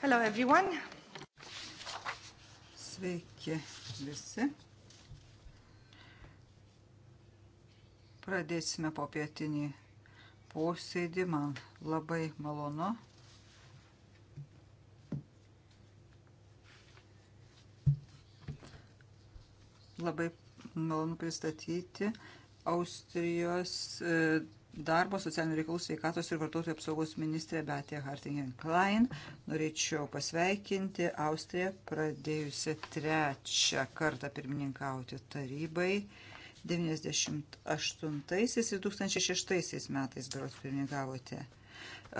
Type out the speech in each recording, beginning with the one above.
Hello everyone. Sveiki visi. Pradėsime popietinį posėdį. Man labai malonu. Labai malonu pristatyti Austrijos e, darbo, socialinių reikalų, sveikatos ir vartotojų apsaugos ministrė Betė Hartingen Klein. Norėčiau pasveikinti Austriją, pradėjusi trečią kartą pirmininkauti tarybai. 98 ir 2006 metais berots pirmininkavote. E,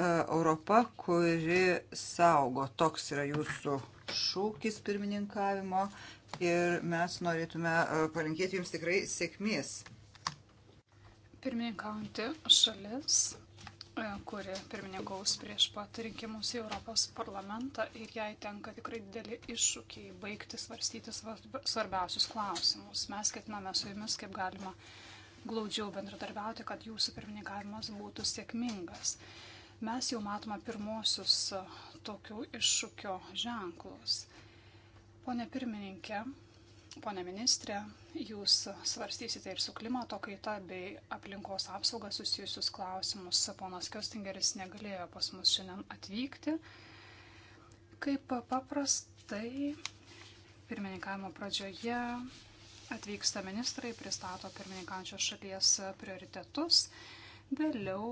Europa, kuri saugo, toks yra jūsų šūkis pirmininkavimo ir mes norėtume e, palinkėti jums tikrai sėkmės Pirmininkaujanti šalis, e, kuri pirmininkaus prieš pat rinkimus į Europos parlamentą ir jai tenka tikrai didelį iššūkį baigti svarstyti svarbiausius klausimus. Mes ketiname su jumis kaip galima glaudžiau bendradarbiauti, kad jūsų pirmininkavimas būtų sėkmingas. Mes jau matome pirmosius e, tokių iššūkio ženklus. Pone pirmininkė, Pone ministrė, jūs svarstysite ir su klimato kaita bei aplinkos apsauga susijusius klausimus. Ponas Kostingeris negalėjo pas mus šiandien atvykti. Kaip paprastai, pirmininkavimo pradžioje atvyksta ministrai, pristato pirmininkančios šalies prioritetus. Vėliau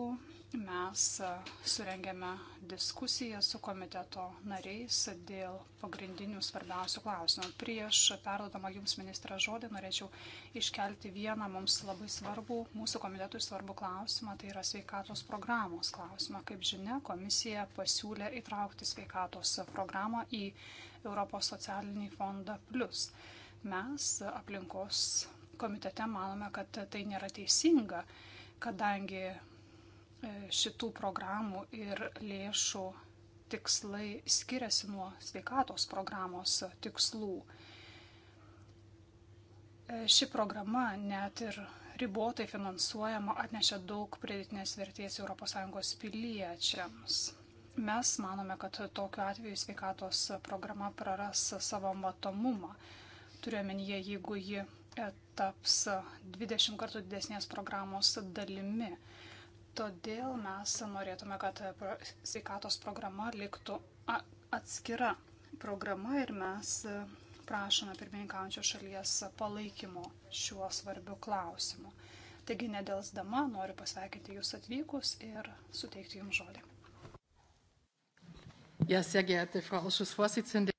mes e, surengėme diskusiją su komiteto nariais dėl pagrindinių svarbiausių klausimų. Prieš perdodama Jums ministrą žodį norėčiau iškelti vieną mums labai svarbų, mūsų komitetui svarbų klausimą, tai yra sveikatos programos klausimą. Kaip žinia, komisija pasiūlė įtraukti sveikatos programą į Europos socialinį fondą plus. Mes aplinkos komitete manome, kad tai nėra teisinga, kadangi E, šitų programų ir lėšų tikslai skiriasi nuo sveikatos programos tikslų. E, ši programa net ir ribotai finansuojama atnešė daug pridėtinės vertės ES piliečiams. Mes manome, kad tokiu atveju sveikatos programa praras savo matomumą. Turiuomenyje, jeigu ji e, taps 20 kartų didesnės programos dalimi. Todėl mes norėtume, kad sveikatos programa liktų atskira programa ir mes e, prašome pirmininkaujančios šalies palaikymo šiuo svarbiu klausimu. Taigi nedelsdama noriu pasveikinti Jūs atvykus ir suteikti Jums žodį. Ja, sehr geehrte Frau Ausschussvorsitzende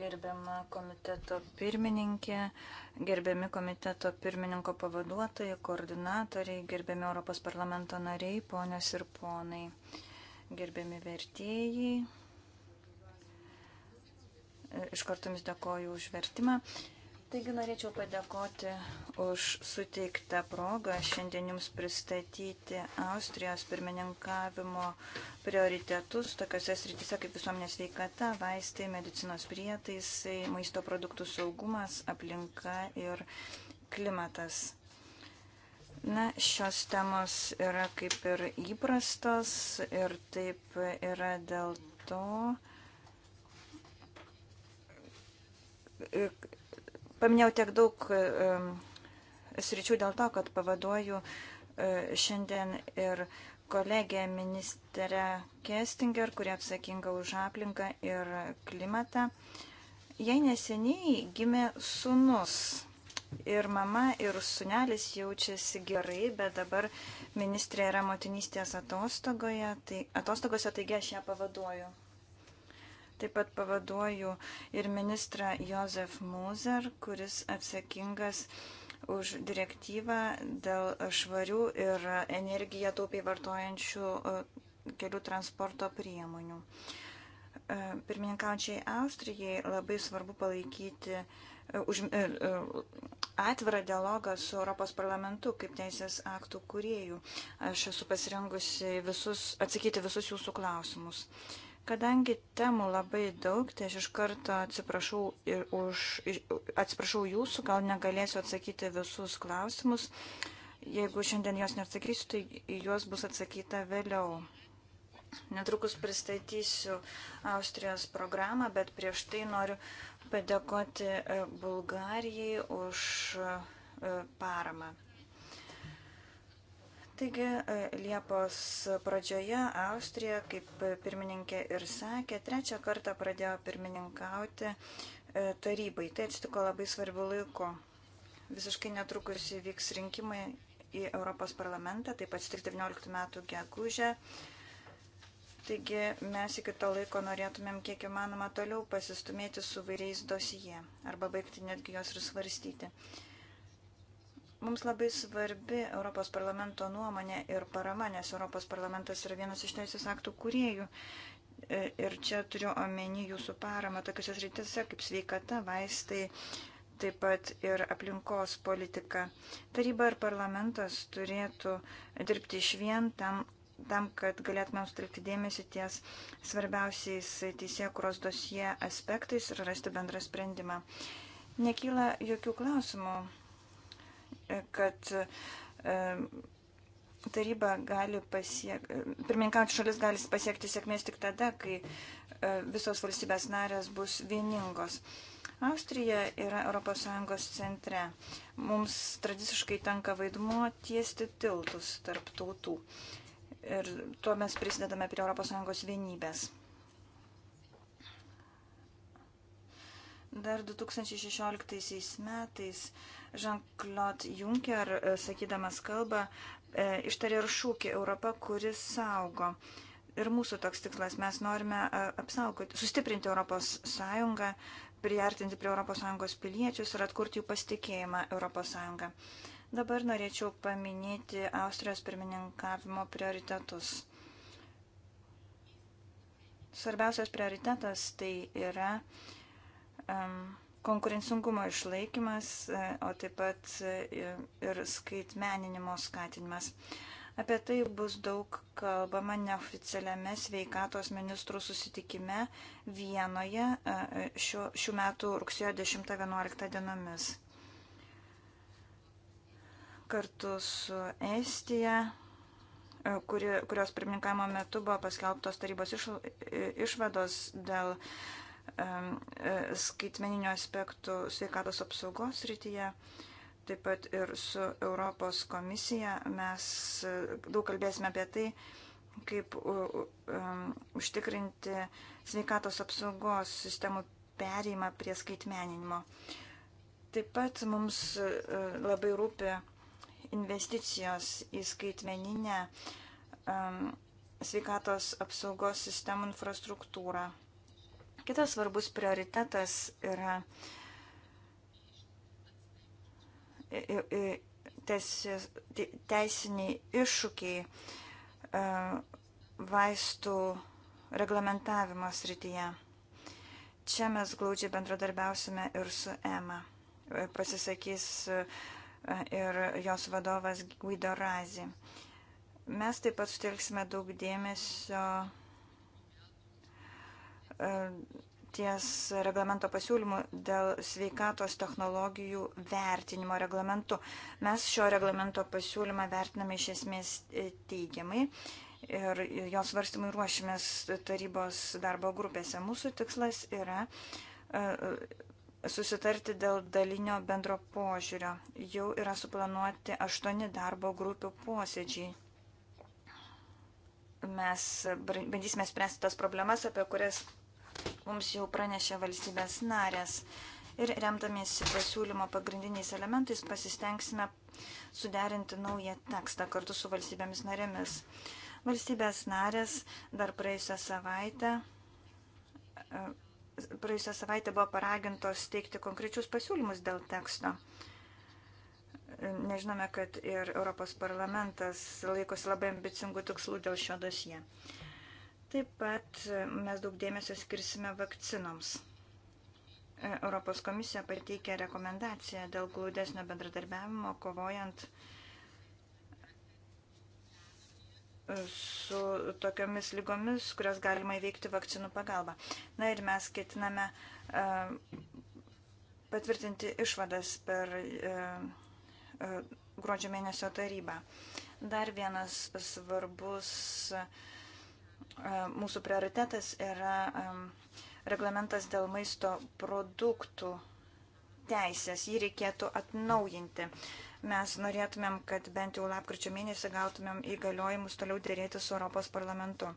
gerbiama komiteto pirmininkė, gerbiami komiteto pirmininko pavaduotojai, koordinatoriai, gerbiami Europos parlamento nariai, ponios ir ponai, gerbiami vertėjai. Iš karto jums dėkoju už vertimą. Taigi norėčiau padėkoti už suteiktą progą šiandien Jums pristatyti Austrijos pirmininkavimo prioritetus tokiuose srityse kaip visuomenės veikata, vaistai, medicinos prietaisai, maisto produktų saugumas, aplinka ir klimatas. Na, šios temos yra kaip ir įprastos ir taip yra dėl to, Paminėjau tiek daug sričių dėl to, kad pavaduoju e, šiandien ir kolegė ministrė Kestinger, kurie atsakinga už aplinką ir klimatą. Jei neseniai gimė sunus ir mama ir sunelis jaučiasi gerai, bet dabar ministrė yra motinystės atostogoje, tai, atostogose, taigi aš ją pavaduoju. Taip pat pavaduoju ir ministrą Josef Moser, kuris atsakingas už direktyvą dėl švarių ir energiją taupiai vartojančių e, kelių transporto priemonių. E, Pirmininkaučiai Austrijai labai svarbu palaikyti e, už, atvirą dialogą su Europos parlamentu kaip teisės aktų kuriejų. Aš esu pasirengusi visus, atsakyti visus jūsų klausimus. Uh, Kadangi temų labai daug, tai aš iš karto atsiprašau, už, atsiprašau jūsų, gal negalėsiu atsakyti visus klausimus. Jeigu šiandien jos neatsakysiu, tai į juos bus atsakyta vėliau. Netrukus pristatysiu Austrijos programą, bet prieš tai noriu padėkoti Bulgarijai už e, paramą. Taigi e, Liepos pradžioje Austrija, kaip pirmininkė ir sakė, trečią kartą pradėjo pirmininkauti e, tarybai. Tai atsitiko labai svarbiu laiku. Visiškai netrukus įvyks rinkimai į Europos parlamentą, taip pat 19 metų gegužę. Taigi mes iki to laiko norėtumėm kiek įmanoma toliau pasistumėti su vairiais dosije arba baigti netgi jos ir svarstyti. Mums labai svarbi Europos parlamento nuomonė ir parama, nes Europos parlamentas yra vienas iš teisės aktų kuriejų. E, ir čia turiu omeny jūsų paramą tokiuose srityse kaip sveikata, vaistai, taip pat ir aplinkos politika. Taryba ir parlamentas turėtų dirbti iš vien tam, tam kad galėtumėm sutelkti dėmesį ties svarbiausiais teisėkuros dosie aspektais ir rasti bendrą sprendimą. Nekyla jokių klausimų kad taryba gali pasiekti, pirmininkauti šalis gali pasiekti sėkmės tik tada, kai e, visos valstybės narės bus vieningos. Austrija yra ES centre. Mums tradiciškai tenka vaidmuo tiesti tiltus tarp tautų. Ir tuo mes prisidedame prie ES vienybės. Dar 2016 metais Jean-Claude Juncker, e, sakydamas kalbą, e, ištarė ir šūkį Europą, kuris saugo. Ir mūsų toks tikslas, mes norime e, apsaugoti, sustiprinti Europos Sąjungą, priartinti prie Europos Sąjungos piliečius ir atkurti jų pasitikėjimą Europos Sąjungą. Dabar norėčiau paminėti Austrijos pirmininkavimo prioritetus. Svarbiausias prioritetas tai yra um, konkurencingumo išlaikymas, e, o taip pat e, ir skaitmeninimo skatinimas. Apie tai bus daug kalbama neoficialiame sveikatos ministrų susitikime Vienoje e, šių, šių metų rugsėjo 10-11 dienomis. Kartu su Estija, kuri, kurios pirmininkavimo metu buvo paskelbtos tarybos iš, išvados dėl uh, E, skaitmeninių aspektų sveikatos apsaugos rytyje. Taip pat ir su Europos komisija mes e, daug kalbėsime apie tai, kaip užtikrinti sveikatos apsaugos sistemų perėjimą prie skaitmeninimo. Taip pat mums e, labai rūpi investicijos į skaitmeninę sveikatos apsaugos sistemų infrastruktūrą. Kitas svarbus prioritetas yra teisiniai iššūkiai e, vaistų reglamentavimo srityje. Čia mes glaudžiai bendradarbiausime ir su EMA. E, pasisakys e, ir jos vadovas Guido Razi. Mes taip pat sutelksime daug dėmesio E, ties reglamento pasiūlymu dėl sveikatos technologijų vertinimo reglamentu. Mes šio reglamento pasiūlymą vertiname iš esmės e, teigiamai ir jos varstymui ruošimės tarybos darbo grupėse. Mūsų tikslas yra e, susitarti dėl dalinio bendro požiūrio. Jau yra suplanuoti aštuoni darbo grupių posėdžiai mes bandysime spręsti tas problemas, apie kurias mums jau pranešė valstybės narės. Ir remdamiesi pasiūlymo pagrindiniais elementais pasistengsime suderinti naują tekstą kartu su valstybėmis narėmis. Valstybės narės dar praėjusią savaitę e, praėjusią savaitę buvo paragintos teikti konkrečius pasiūlymus dėl teksto. E, nežinome, kad ir Europos parlamentas laikosi labai ambicingų tikslų dėl šio dosie. Taip pat mes daug dėmesio skirsime vakcinoms. E, Europos komisija pateikė rekomendaciją dėl glaudesnio bendradarbiavimo kovojant e, su tokiomis lygomis, kurias galima įveikti vakcinų pagalba. Na ir mes ketiname e, patvirtinti išvadas per gruodžio mėnesio tarybą. Dar vienas svarbus uh, E, mūsų prioritetas yra e, reglamentas dėl maisto produktų teisės. Jį reikėtų atnaujinti. Mes norėtumėm, kad bent jau lapkričio mėnesį gautumėm įgaliojimus toliau dėrėti su Europos parlamentu.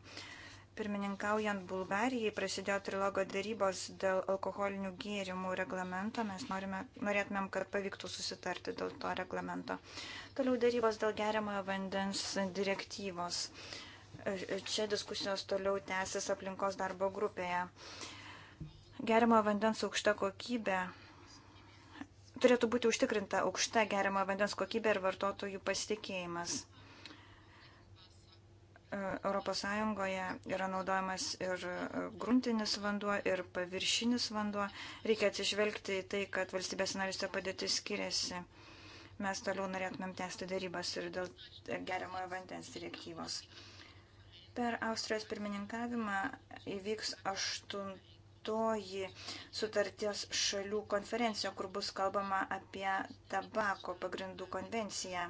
Pirmininkaujant Bulgarijai prasidėjo trilogo darybos dėl alkoholinių gėrimų reglamento. Mes norime, norėtumėm, kad pavyktų susitarti dėl to reglamento. Toliau darybos dėl geriamojo vandens direktyvos. Uh, Čia diskusijos toliau tęsis aplinkos darbo grupėje. Gerimo vandens aukšta kokybė turėtų būti užtikrinta aukšta geriamo vandens kokybė ir vartotojų pasitikėjimas. ES yra naudojamas ir gruntinis vanduo, ir paviršinis vanduo. Reikia atsižvelgti į tai, kad valstybės narystė padėtis skiriasi. Mes toliau norėtumėm tęsti darybas ir dėl geriamojo vandens direktyvos. Per Austrijos pirmininkavimą įvyks aštuntoji sutarties šalių konferencija, kur bus kalbama apie tabako pagrindų konvenciją.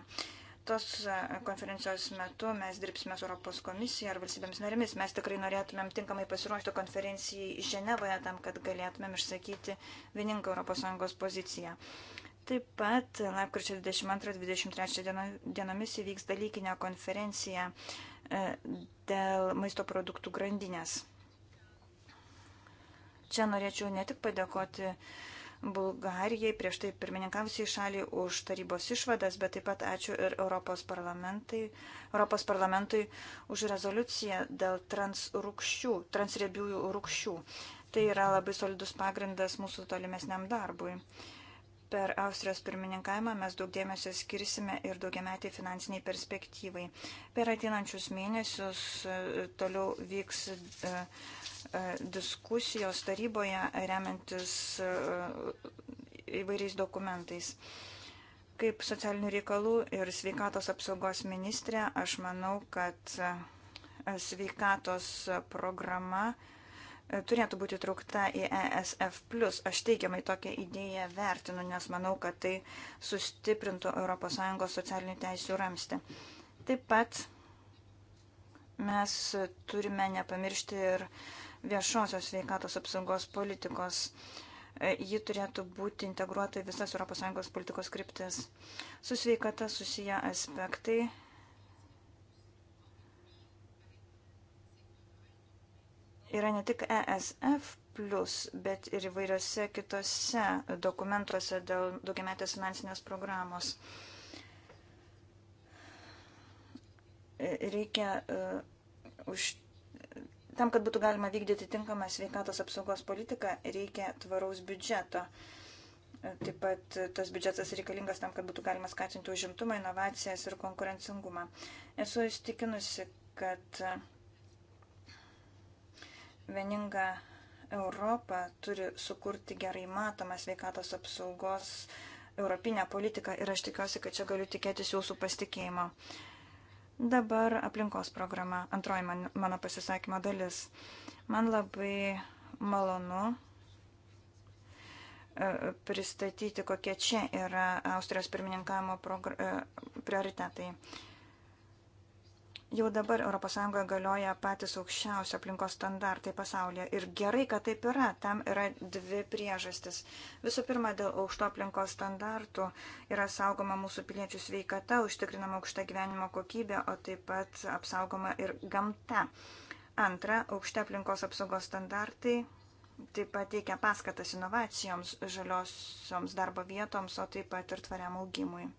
Tos e, konferencijos metu mes dirbsime su Europos komisija ar valstybėms narimis. Mes tikrai norėtumėm tinkamai pasiruošti konferencijai Ženevoje tam, kad galėtumėm išsakyti vieningą ES poziciją. Taip pat lapkričio 22-23 dienomis įvyks dalykinė konferencija uh, E, dėl maisto produktų grandinės. Čia norėčiau ne tik padėkoti Bulgarijai, prieš tai pirmininkavusiai šaliai už tarybos išvadas, bet taip pat ačiū ir Europos, Europos parlamentui už rezoliuciją dėl transrūkščių, transriebiųjų rūkščių. Tai yra labai solidus pagrindas mūsų tolimesniam darbui. Per Austrijos pirmininkavimą mes daug dėmesio skirsime ir daugiametiai finansiniai perspektyvai. Per ateinančius mėnesius e, toliau vyks e, e, diskusijos taryboje remiantis įvairiais dokumentais. Kaip socialinių reikalų ir sveikatos apsaugos ministrė, aš manau, kad sveikatos programa turėtų būti traukta į ESF. Aš teigiamai tokią idėją vertinu, nes manau, kad tai sustiprintų ES socialinių teisų ramstį. Taip pat mes turime nepamiršti ir viešosios sveikatos apsaugos politikos. Ji turėtų būti integruota į visas ES politikos kryptis. Su sveikata susiję aspektai yra ne tik ESF, bet ir įvairiose kitose dokumentuose dėl daugiametės finansinės programos. Reikia uh, už. Tam, kad būtų galima vykdyti tinkamą sveikatos apsaugos politiką, reikia tvaraus biudžeto. Taip pat tas biudžetas reikalingas tam, kad būtų galima skatinti užimtumą, inovacijas ir konkurencingumą. Esu įstikinusi, kad uh, Vieninga Europa turi sukurti gerai matomą sveikatos apsaugos europinę politiką ir aš tikiuosi, kad čia galiu tikėtis jūsų pasitikėjimo. Dabar aplinkos programa, antroji man, mano pasisakymo dalis. Man labai malonu e, pristatyti, kokie čia yra Austrijos pirmininkavimo e, prioritetai. Jau dabar ES galioja patys aukščiausi aplinkos standartai pasaulyje. Ir gerai, kad taip yra. Tam yra dvi priežastis. Visų pirma, dėl aukšto aplinkos standartų yra saugoma mūsų piliečių sveikata, užtikrinama aukšta gyvenimo kokybė, o taip pat apsaugoma ir gamta. Antra, aukšti aplinkos apsaugos standartai taip pat teikia paskatas inovacijoms, žaliosioms darbo vietoms, o taip pat ir tvariam augimui.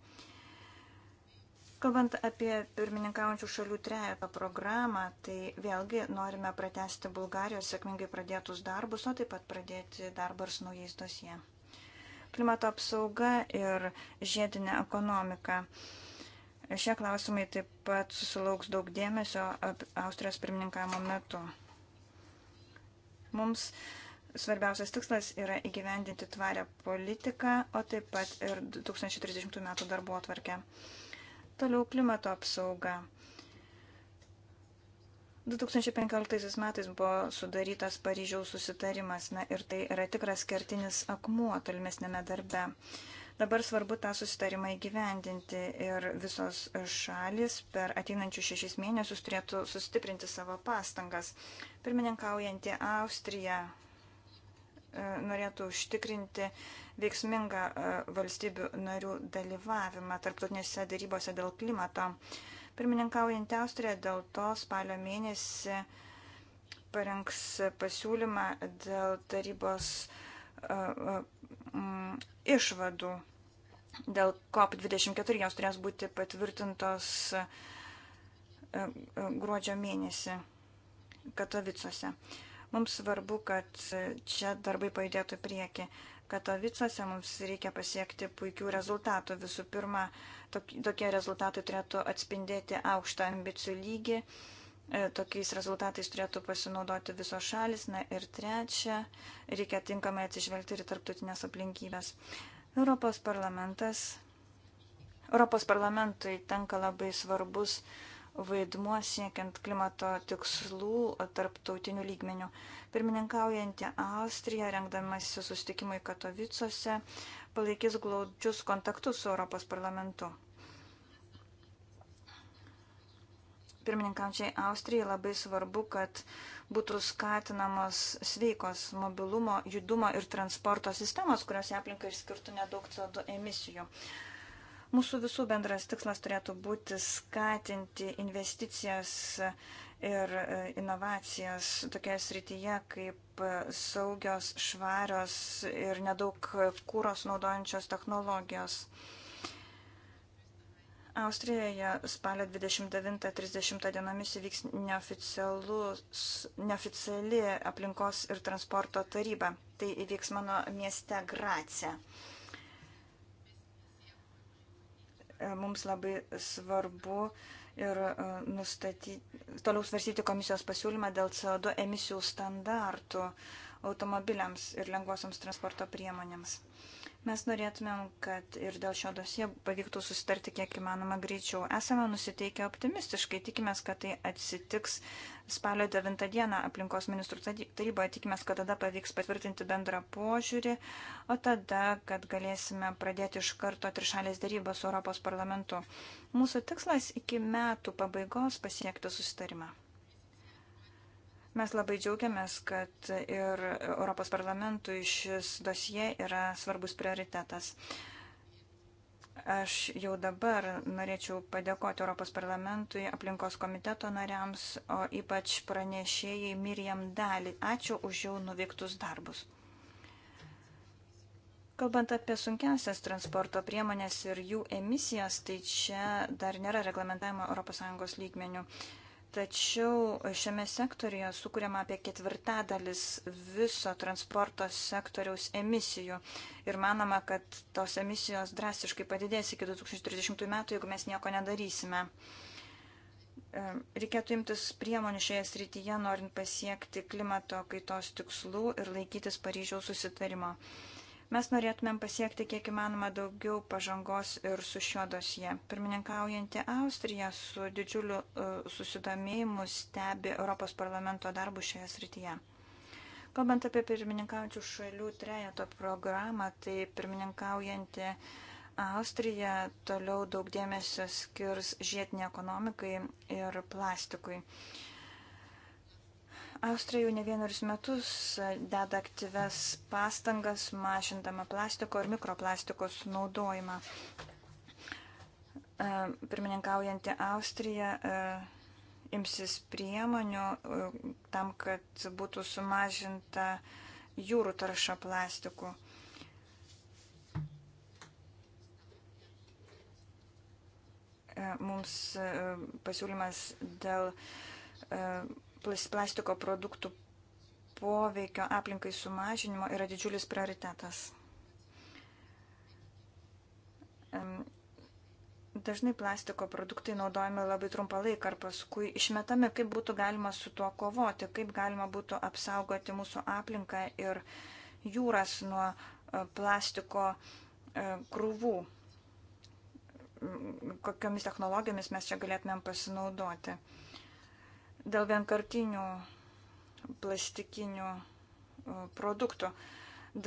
Kalbant apie pirmininkaujančių šalių trejetą programą, tai vėlgi norime pratesti Bulgarijos sėkmingai pradėtus darbus, o taip pat pradėti darbą ir su naujais dosie. Klimato apsauga ir žiedinė ekonomika. Šie klausimai taip pat susilauks daug dėmesio Austrijos pirmininkavimo metu. Mums svarbiausias tikslas yra įgyvendinti tvarę politiką, o taip pat ir 2030 metų darbo atvarkę. Toliau klimato apsauga. 2015 metais buvo sudarytas Paryžiaus susitarimas na, ir tai yra tikras kertinis akmuo tolimesnėme darbe. Dabar svarbu tą susitarimą įgyvendinti ir visos šalis per ateinančius šešis mėnesius turėtų sustiprinti savo pastangas. Pirmininkaujantį Austriją E, norėtų užtikrinti veiksmingą e, valstybių narių dalyvavimą tarptautinėse darybose dėl klimato. Pirmininkaujant Austrija dėl to spalio mėnesį parengs pasiūlymą dėl tarybos e, išvadų. Dėl COP24 jos turės būti patvirtintos gruodžio mėnesį Katovicuose. Mums svarbu, kad čia darbai pajudėtų prieki. Katovicuose mums reikia pasiekti puikių rezultatų. Visų pirma, tokie rezultatai turėtų atspindėti aukštą ambicijų lygį. E, tokiais rezultatais turėtų pasinaudoti visos šalis. Na ir trečia, reikia tinkamai atsižvelgti ir tarptautinės aplinkybės. Europos parlamentas. Europos parlamentui tenka labai svarbus uh, vaidmuo siekiant klimato tikslų tarptautinių lygmenių. Pirmininkaujantį Austriją, rengdamasi sustikimui Katovicuose, palaikys glaudžius kontaktus su Europos parlamentu. Pirmininkaučiai Austrijai labai svarbu, kad būtų skatinamos sveikos mobilumo, judumo ir transporto sistemos, kurios aplinkai išskirtų nedaug CO2 emisijų. Uh, Mūsų visų bendras tikslas turėtų būti skatinti investicijas ir e, inovacijas tokioje srityje kaip e, saugios, švarios ir nedaug kūros naudojančios technologijos. Austrijoje spalio 29-30 dienomis įvyks neoficiali aplinkos ir transporto taryba. Tai įvyks mano mieste Gracija. E, mums labai svarbu ir e, nustatyti, toliau svarstyti komisijos pasiūlymą dėl CO2 emisijų standartų automobiliams ir lengvosiams transporto priemonėms. Mes norėtumėm, kad ir dėl šio dosie pavyktų susitarti kiek įmanoma greičiau. Esame nusiteikę optimistiškai, tikimės, kad tai atsitiks spalio 9 dieną aplinkos ministrų taryboje, tikimės, kad tada pavyks patvirtinti bendrą požiūrį, o tada, kad galėsime pradėti iš karto trišalės darybą su Europos parlamentu. Mūsų tikslas iki metų pabaigos pasiekti susitarimą. Mes labai džiaugiamės, kad ir Europos parlamentui šis dosie yra svarbus prioritetas. Aš jau dabar norėčiau padėkoti Europos parlamentui, aplinkos komiteto nariams, o ypač pranešėjai Mirjam Dalį. Ačiū už jau nuveiktus darbus. Kalbant apie sunkiasias transporto priemonės ir jų emisijas, tai čia dar nėra reglamentavimo ES lygmenių. Tačiau šiame sektorija sukūrėma apie ketvirtadalis viso transporto sektoriaus emisijų. Ir manoma, kad tos emisijos drastiškai padidės iki 2030 metų, jeigu mes nieko nedarysime. E, reikėtų imtis priemonių šioje srityje, norint pasiekti klimato kaitos tikslų ir laikytis Paryžiaus susitarimo. Mes norėtumėm pasiekti kiek įmanoma daugiau pažangos ir su šio dosie. Pirmininkaujanti Austrija su didžiuliu e, susidomėjimu stebi Europos parlamento darbų šioje srityje. Kalbant apie pirmininkaujančių šalių trejato programą, tai pirmininkaujanti Austrija toliau daug dėmesio skirs žiedinė ekonomikai ir plastikui. Uh, Austrija jau ne vienerius metus e, deda aktyves pastangas mažindama plastiko ir mikroplastiko sunaudojimą. E, pirmininkaujanti Austrija e, imsis priemonių tam, kad būtų sumažinta jūrų tarša plastiku. Mums pasiūlymas dėl plastiko produktų poveikio aplinkai sumažinimo yra didžiulis prioritetas. Dažnai plastiko produktai naudojami labai trumpą laiką ar paskui išmetami, kaip būtų galima su tuo kovoti, kaip galima būtų apsaugoti mūsų aplinką ir jūras nuo e, plastiko e, krūvų, kokiomis technologijomis mes čia galėtumėm pasinaudoti dėl vienkartinių plastikinių produktų.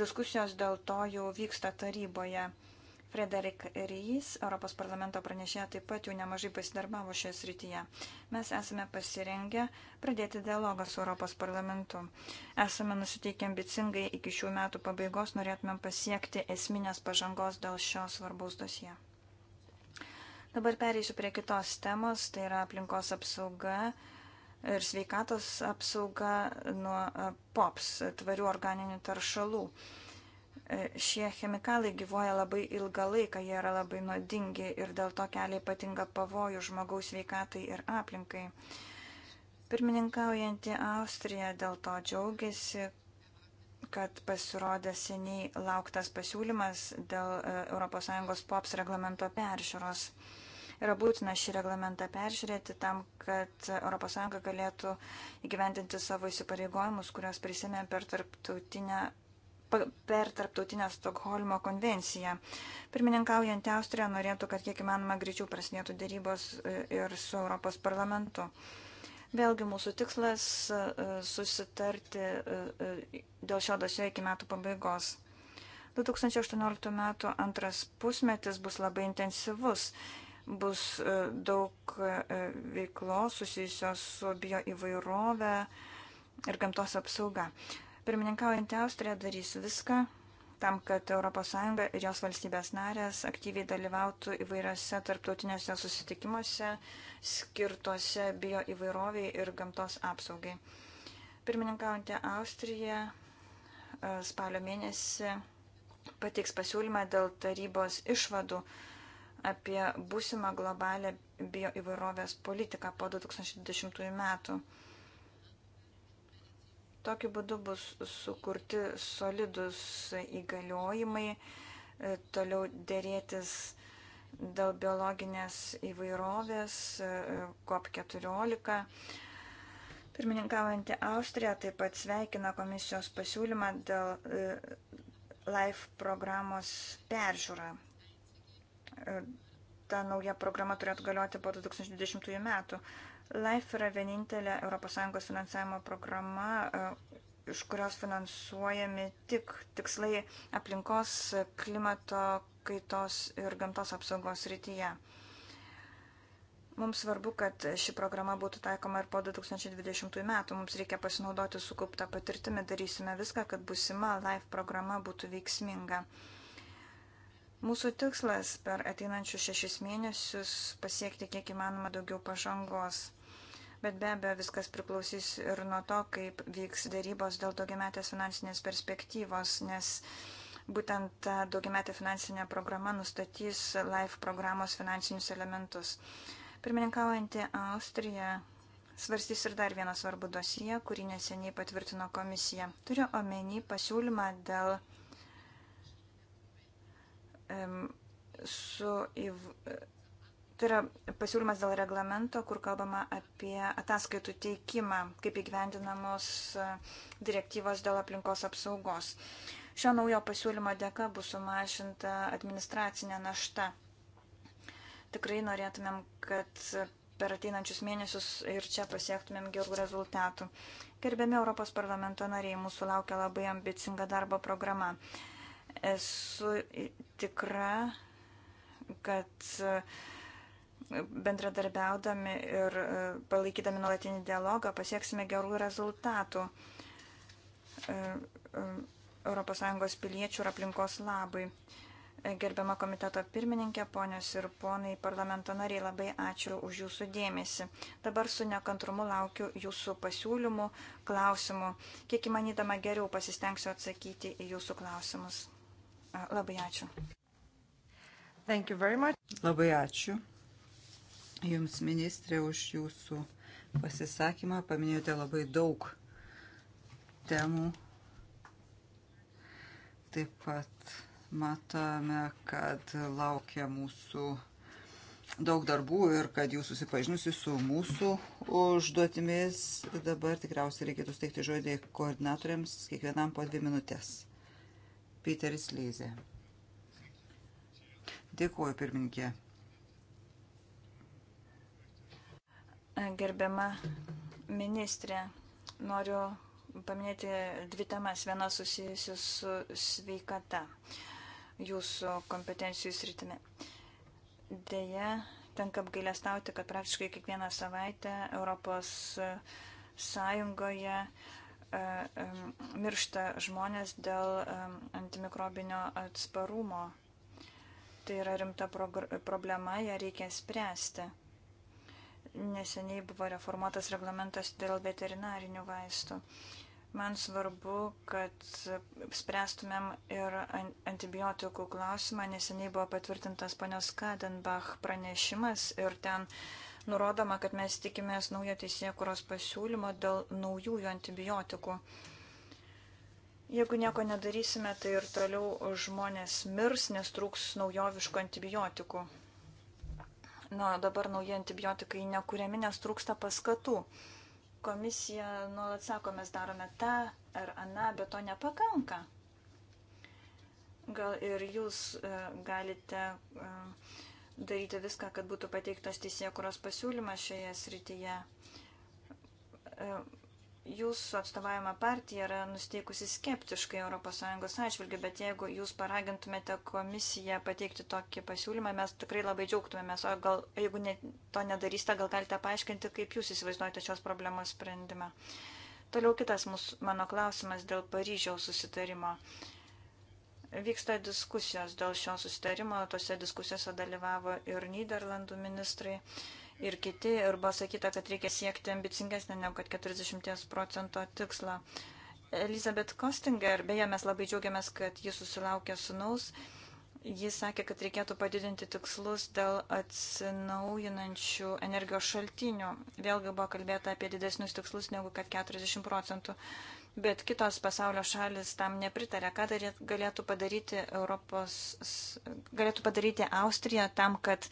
Diskusijos dėl to jau vyksta taryboje. Frederik Rys, Europos parlamento pranešėja, taip pat jau nemažai pasidarbavo šioje srityje. Mes esame pasirengę pradėti dialogą su Europos parlamentu. Esame nusiteikę ambicingai iki šių metų pabaigos, norėtumėm pasiekti esminės pažangos dėl šio svarbaus dosie. Dabar pereisiu prie kitos temos, tai yra aplinkos apsauga ir sveikatos apsauga nuo e, POPS, tvarių organinių taršalų. E, šie chemikalai gyvoja labai ilgą laiką, jie yra labai nuodingi ir dėl to kelia ypatinga pavojų žmogaus sveikatai ir aplinkai. Pirmininkaujanti Austrija dėl to džiaugiasi, kad pasirodė seniai lauktas pasiūlymas dėl ES POPS reglamento peržiūros. Yra būtina šį reglamentą peržiūrėti tam, kad ES galėtų įgyvendinti savo įsipareigojimus, kurios prisėmė per tarptautinę per tarptautinę Stokholmo konvenciją. Pirmininkaujant Austrija norėtų, kad kiek įmanoma greičiau prasidėtų dėrybos e, ir su Europos parlamentu. Vėlgi mūsų tikslas e, susitarti e, dėl šio dosio iki metų pabaigos. 2018 metų antras pusmetis bus labai intensyvus bus e, daug e, veiklos susijusios su bio įvairove ir gamtos apsauga. Pirmininkaujantį Austriją darys viską tam, kad ES ir jos valstybės narės aktyviai dalyvautų įvairiose tarptautinėse susitikimuose skirtose bio įvairoviai ir gamtos apsaugai. Pirmininkaujantį Austriją e, spalio mėnesį pateiks pasiūlymą dėl tarybos išvadų apie būsimą globalę bioįvairovės politiką po 2020 metų. Tokiu būdu bus sukurti solidus įgaliojimai, e, toliau dėrėtis dėl biologinės įvairovės, e, COP14. Pirmininkaujantį Austriją taip pat sveikina komisijos pasiūlymą dėl e, LIFE programos peržiūrą. E, ta nauja programa turėtų galioti po 2020 metų. LIFE yra vienintelė ES finansavimo programa, e, iš kurios finansuojami tik tikslai aplinkos, klimato kaitos ir gamtos apsaugos rytyje. Mums svarbu, kad ši programa būtų taikoma ir po 2020 metų. Mums reikia pasinaudoti sukauptą patirtimį, darysime viską, kad busima LIFE programa būtų veiksminga. Mūsų tikslas per ateinančius šešis mėnesius pasiekti kiek įmanoma daugiau pažangos. Bet be abejo viskas priklausys ir nuo to, kaip vyks dėrybos dėl daugiametės finansinės perspektyvos, nes būtent ta daugiametė finansinė programa nustatys LIFE programos finansinius elementus. Pirmininkaujantį Austriją svarstys ir dar vieną svarbų dosiją, kurį neseniai patvirtino komisija. Turiu omeny pasiūlymą dėl su įv... Tai yra pasiūlymas dėl reglamento, kur kalbama apie ataskaitų teikimą, kaip įgyvendinamos e, direktyvos dėl aplinkos apsaugos. Šio naujo pasiūlymo dėka bus sumažinta administracinė našta. Tikrai norėtumėm, kad per ateinančius mėnesius ir čia pasiektumėm gerų rezultatų. Gerbiami Europos parlamento nariai, mūsų laukia labai ambicinga darbo programa. Esu tikra, kad e, bendradarbiaudami ir e, palaikydami nuolatinį dialogą pasieksime gerų rezultatų ES e, piliečių ir aplinkos labai. Gerbiama komiteto pirmininkė, ponios ir ponai parlamento nariai, labai ačiū už jūsų dėmesį. Dabar su nekantrumu laukiu jūsų pasiūlymų, klausimų. Kiek įmanydama geriau pasistengsiu atsakyti į jūsų klausimus. Labai ačiū. Labai ačiū Jums, ministrė, už Jūsų pasisakymą. Paminėjote labai daug temų. Taip pat matome, kad laukia mūsų daug darbų ir kad jūs susipažinusi su mūsų užduotimis. Dabar tikriausiai reikėtų steigti žodį koordinatoriams kiekvienam po dvi minutės. Piteris Lyze. Dėkuoju, pirmininkė. Gerbiama ministrė, noriu paminėti dvi temas. Viena susijusi su sveikata jūsų kompetencijų sritimi. Deja, tenka apgailestauti, kad praktiškai kiekvieną savaitę Europos Sąjungoje uh, E, miršta žmonės dėl antimikrobinio atsparumo. Tai yra rimta problema, ją reikia spręsti. Neseniai buvo reformuotas reglamentas dėl veterinarinių vaistų. Man svarbu, kad spręstumėm ir antibiotikų klausimą. Neseniai buvo patvirtintas ponios Kadenbach pranešimas ir ten uh, nurodoma, kad mes tikimės naujo teisėkuros pasiūlymo dėl naujųjų antibiotikų. Jeigu nieko nedarysime, tai ir toliau žmonės mirs, nes trūks naujoviškų antibiotikų. Na, dabar nauji antibiotikai nekūrėmi, nes trūksta paskatų. Komisija nuolat sako, mes darome tą ar aną, bet to nepakanka. Gal ir jūs e, galite. Uh, daryti viską, kad būtų pateiktas teisėkuros pasiūlymas šioje srityje. E, jūsų atstovavimo partija yra nusteikusi skeptiškai ES atžvilgiu, bet jeigu jūs paragintumėte komisiją pateikti tokį pasiūlymą, mes tikrai labai džiaugtumėmės, o gal, jeigu ne, to nedarysite, gal galite paaiškinti, kaip jūs įsivaizduojate šios problemos sprendimą. Toliau kitas mūsų, mano klausimas dėl Paryžiaus susitarimo. Uh, Vyksta diskusijos dėl šio susitarimo, tose diskusijose dalyvavo ir Niderlandų ministrai, ir kiti, ir buvo sakyta, kad reikia siekti ambicingesnę negu kad 40 procento tikslą. Elizabeth Kostinger, beje, mes labai džiaugiamės, kad jis susilaukė sunaus. Jis sakė, kad reikėtų padidinti tikslus dėl atsinaujinančių energijos šaltinių. Vėlgi buvo kalbėta apie didesnius tikslus negu kad 40 procentų bet kitos pasaulio šalis tam nepritarė. Ką darėt, galėtų padaryti Europos, galėtų padaryti Austrija tam, kad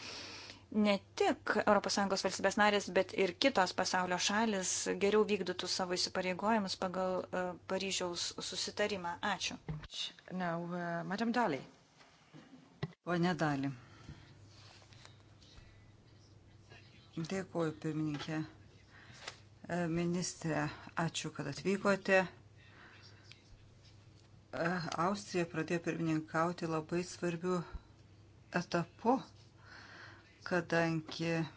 ne tik ES valstybės narės, bet ir kitos pasaulio šalis geriau vykdytų savo įsipareigojimus pagal uh, Paryžiaus susitarimą. Ačiū. Now, uh, Madam Dali. Pone Dali. Dėkuoju, pirmininkė. E, ministrė, ačiū, kad atvykote. E, Austrija pradėjo pirmininkauti labai svarbių etapų, kadangi e,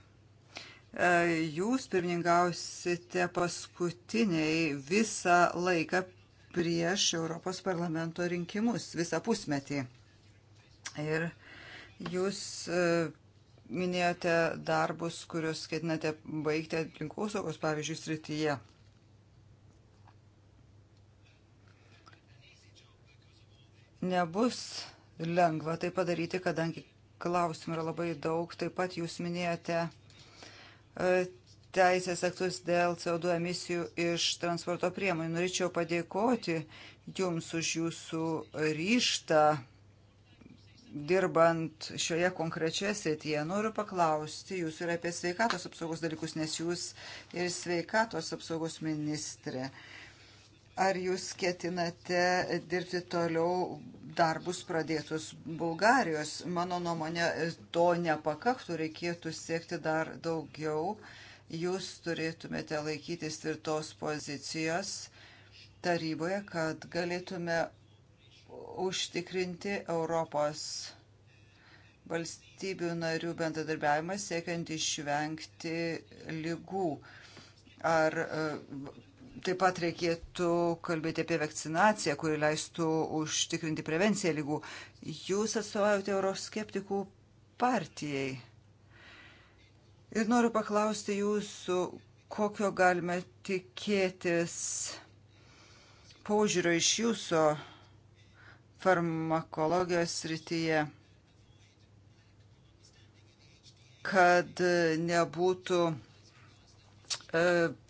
jūs pirmininkausite paskutiniai visą laiką prieš Europos parlamento rinkimus, visą pusmetį. Ir jūs minėjote darbus, kuriuos ketinate baigti aplinkosaugos, pavyzdžiui, srityje. Nebus lengva tai padaryti, kadangi klausimų yra labai daug. Taip pat jūs minėjote e, teisės aktus dėl CO2 emisijų iš transporto priemonių. Norėčiau padėkoti Jums už Jūsų ryštą dirbant šioje konkrečioje srityje. Noriu paklausti jūs ir apie sveikatos apsaugos dalykus, nes jūs ir sveikatos apsaugos ministrė. Ar jūs ketinate dirbti toliau darbus pradėtus Bulgarijos? Mano nuomonė, to nepakaktų, reikėtų siekti dar daugiau. Jūs turėtumėte laikytis tvirtos pozicijos taryboje, kad galėtume užtikrinti Europos valstybių narių bendradarbiavimą siekiant išvengti lygų. Ar e, taip pat reikėtų kalbėti apie vakcinaciją, kuri leistų užtikrinti prevenciją lygų. Jūs atstovaujate euroskeptikų partijai. Ir noriu paklausti jūsų, kokio galime tikėtis požiūrio iš jūsų farmakologijos srityje, kad nebūtų e,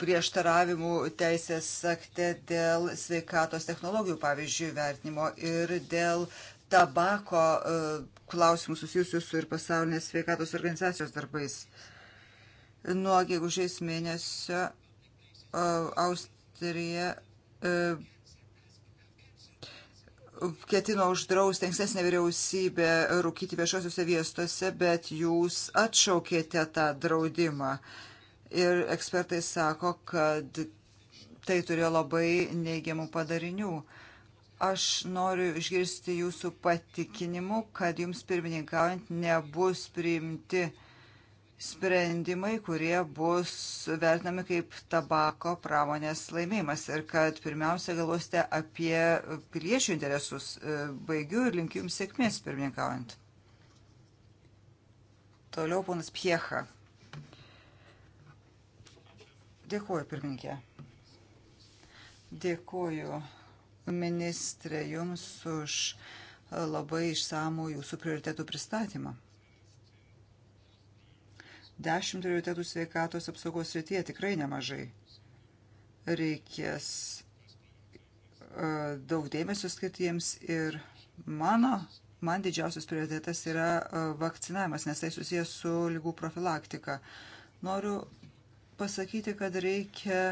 prieštaravimų teisės akte dėl sveikatos technologijų, pavyzdžiui, vertinimo ir dėl tabako e, klausimų susijusių su ir pasaulinės sveikatos organizacijos darbais. Nuo gegužės mėnesio e, Austrija ketino uždrausti ankstesnė vyriausybė rūkyti viešosiuose viestuose, bet jūs atšaukėte tą draudimą. Ir ekspertai sako, kad tai turėjo labai neigiamų padarinių. Aš noriu išgirsti jūsų patikinimu, kad jums pirmininkaujant nebus priimti uh, sprendimai, kurie bus vertinami kaip tabako pramonės laimėjimas ir kad pirmiausia galvosite apie piliečių interesus. E, baigiu ir linkiu Jums sėkmės pirmininkaujant. Toliau ponas Piecha. Dėkuoju pirmininkė. Dėkuoju ministrė Jums už labai išsamų Jūsų prioritetų pristatymą. Dešimt prioritetų sveikatos apsaugos srityje tikrai nemažai. Reikės e, daug dėmesio skirti jiems ir mano, man didžiausias prioritetas yra e, vakcinavimas, nes tai susijęs su lygų profilaktika. Noriu pasakyti, kad reikia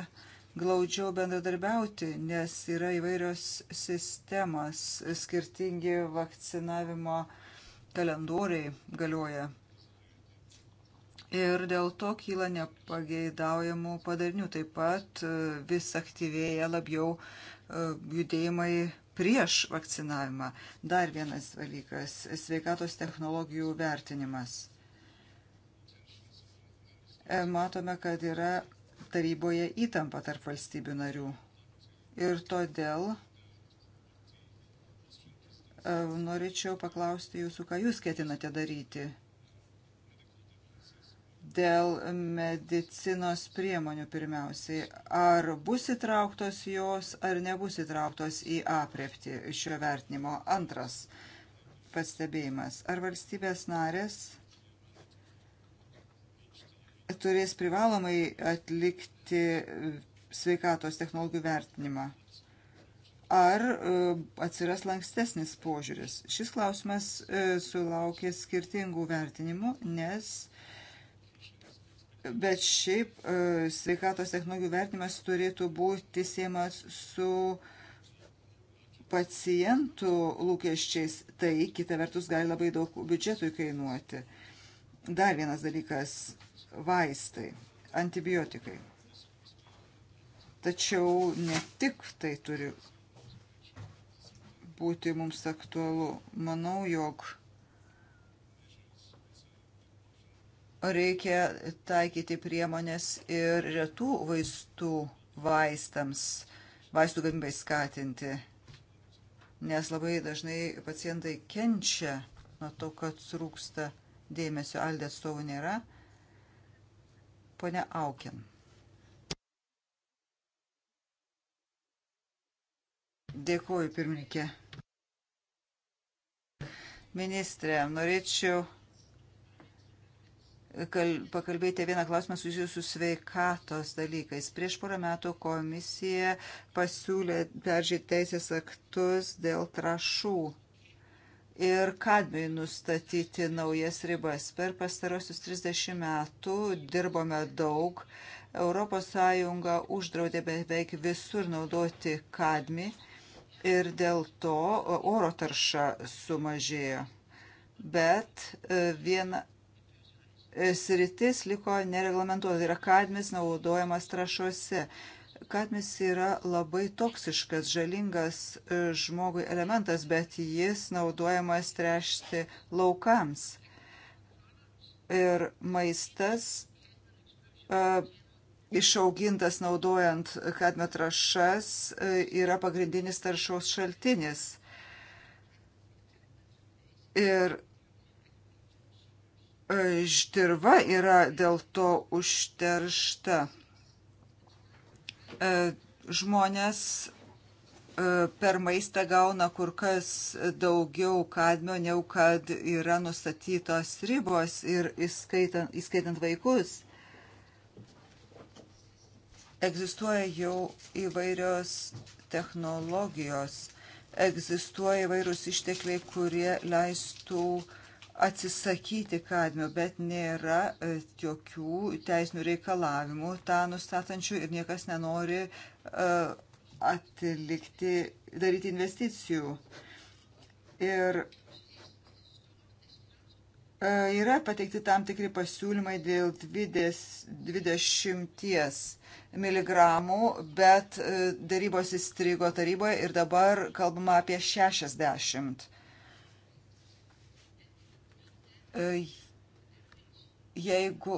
glaudžiau bendradarbiauti, nes yra įvairios sistemos, skirtingi vakcinavimo kalendoriai galioja ir dėl to kyla nepageidaujamų padarinių. Taip pat e, vis aktyvėja labiau e, judėjimai prieš vakcinavimą. Dar vienas dalykas - sveikatos technologijų vertinimas. E, matome, kad yra taryboje įtampa tarp valstybių narių. Ir todėl norėčiau paklausti jūsų, ką jūs ketinate daryti dėl medicinos priemonių pirmiausiai. Ar bus įtrauktos jos, ar nebus įtrauktos į apriepti šio vertinimo? Antras pastebėjimas. Ar valstybės narės turės privalomai atlikti sveikatos technologijų vertinimą? ar e, atsiras lankstesnis požiūris. Šis klausimas e, sulaukė skirtingų vertinimų, nes Bet šiaip e, sveikatos technologijų vertinimas turėtų būti siemas su pacientų lūkesčiais. Tai kita vertus gali labai daug biudžetui kainuoti. Dar vienas dalykas - vaistai, antibiotikai. Tačiau ne tik tai turi būti mums aktualu. Manau, jog Reikia taikyti priemonės ir retų vaistų vaistams, vaistų gamybai skatinti, nes labai dažnai pacientai kenčia nuo to, kad trūksta dėmesio. Aldė atstovų nėra. Pone Aukin. Dėkuoju, pirmininkė. Ministrė, norėčiau pakalbėti vieną klausimą susijusiu su sveikatos dalykais. Prieš porą metų komisija pasiūlė peržiūrėti teisės aktus dėl trašų ir kadmiai nustatyti naujas ribas. Per pastarosius 30 metų dirbome daug. ES uždraudė beveik visur naudoti kadmį ir dėl to oro tarša sumažėjo. Bet e, viena E, sritis liko nereglamentuota, tai yra kadmis naudojamas trašuose. Kadmis yra labai toksiškas, žalingas e, žmogui elementas, bet jis naudojamas trešti laukams. Ir maistas uh, išaugintas naudojant kadmio trašas uh, yra pagrindinis taršaus šaltinis. Ir dirva yra dėl to užteršta. E, žmonės e, per maistą gauna kur kas daugiau kadmio, negu kad yra nustatytos ribos ir įskaitant, įskaitant vaikus. Egzistuoja jau įvairios technologijos, egzistuoja įvairūs ištekliai, kurie leistų uh, atsisakyti kadmio, bet nėra e, jokių teisinių reikalavimų tą nustatančių ir niekas nenori e, atlikti, daryti investicijų. Ir e, yra pateikti tam tikri pasiūlymai dėl 20 mg, bet darybos įstrigo taryboje ir dabar kalbama apie 60. Jeigu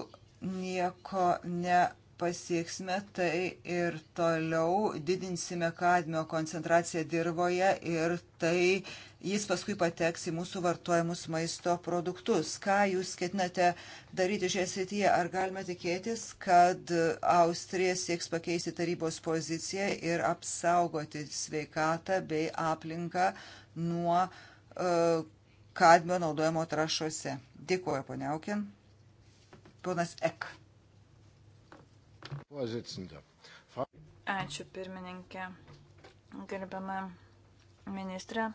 nieko nepasieksime, tai ir toliau didinsime kadmio koncentraciją dirboje ir tai jis paskui pateks į mūsų vartojimus maisto produktus. Ką jūs ketinate daryti šioje srityje? Ar galime tikėtis, kad Austrija sieks pakeisti tarybos poziciją ir apsaugoti sveikatą bei aplinką nuo uh, kadmio naudojimo trašose. Dėkuoju, poniaukin. Ponas Ek. Ačiū, pirmininkė. Gerbiama ministrė,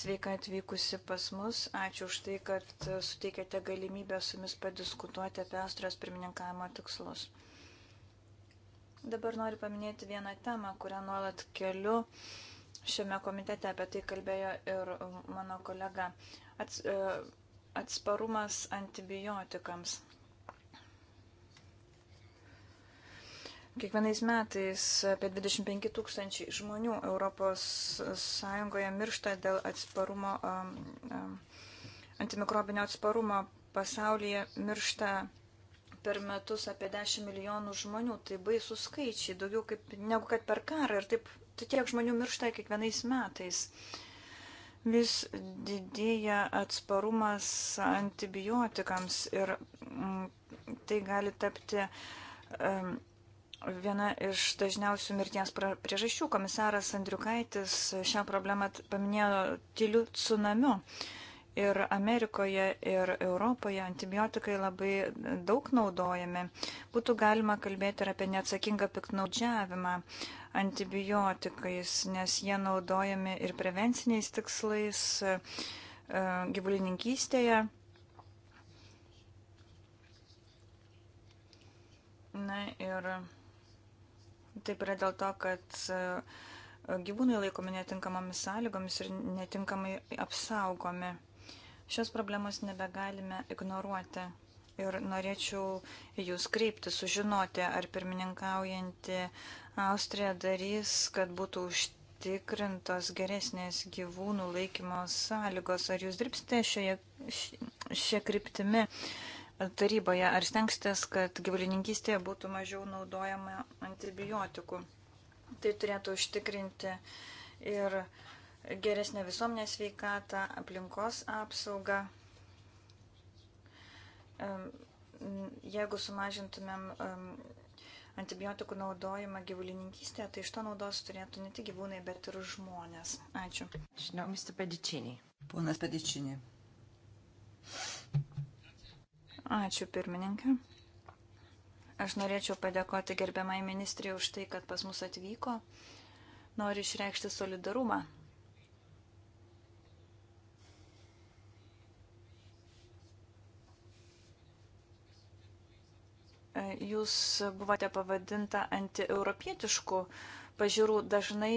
sveika atvykusi pas mus. Ačiū už tai, kad suteikėte galimybę su jumis padiskutuoti apie Austrijos pirmininkavimo tikslus. Dabar noriu paminėti vieną temą, kurią nuolat keliu Šiame komitete apie tai kalbėjo ir mano kolega. Ats, e, atsparumas antibiotikams. Kiekvienais metais apie 25 tūkstančiai žmonių ES miršta dėl atsparumo, antimikrobinio atsparumo. Pasaulyje miršta per metus apie 10 milijonų žmonių. Tai baisų skaičiai, daugiau kaip, negu kad per karą ir taip Tai tiek žmonių miršta kiekvienais metais. Vis didėja atsparumas antibiotikams ir mm, tai gali tapti viena iš dažniausių mirties priežasčių. Komisaras Andriukaitis šią problemą paminėjo tyliu tsunamiu ir Amerikoje, ir Europoje antibiotikai labai daug naudojami. Būtų galima kalbėti ir apie neatsakingą piknaudžiavimą antibiotikais, nes jie naudojami ir prevenciniais tikslais e, gyvulininkystėje. Na ir taip yra dėl to, kad e, gyvūnai laikomi netinkamomis sąlygomis ir netinkamai apsaugomi. Šios problemos nebegalime ignoruoti. Ir norėčiau jūs kreipti, sužinoti, ar pirmininkaujanti Austrija darys, kad būtų užtikrintos geresnės gyvūnų laikymo sąlygos. Ar jūs dirbsite šioje, šia kryptimi taryboje? Ar stengsitės, kad gyvulininkystėje būtų mažiau naudojama antibiotikų? Tai turėtų užtikrinti ir uh, geresnę visuomenės veikatą, aplinkos apsaugą. Jeigu sumažintumėm antibiotikų naudojimą gyvulininkystėje, tai iš to naudos turėtų ne tik gyvūnai, bet ir žmonės. Ačiū. Žinau, Mr. Pedičinį. Ponas Pedičinį. Ačiū pirmininkė. Aš norėčiau padėkoti gerbiamai ministrė už tai, kad pas mus atvyko. Noriu išreikšti solidarumą E, jūs buvote pavadinta antieuropietiškų pažiūrų dažnai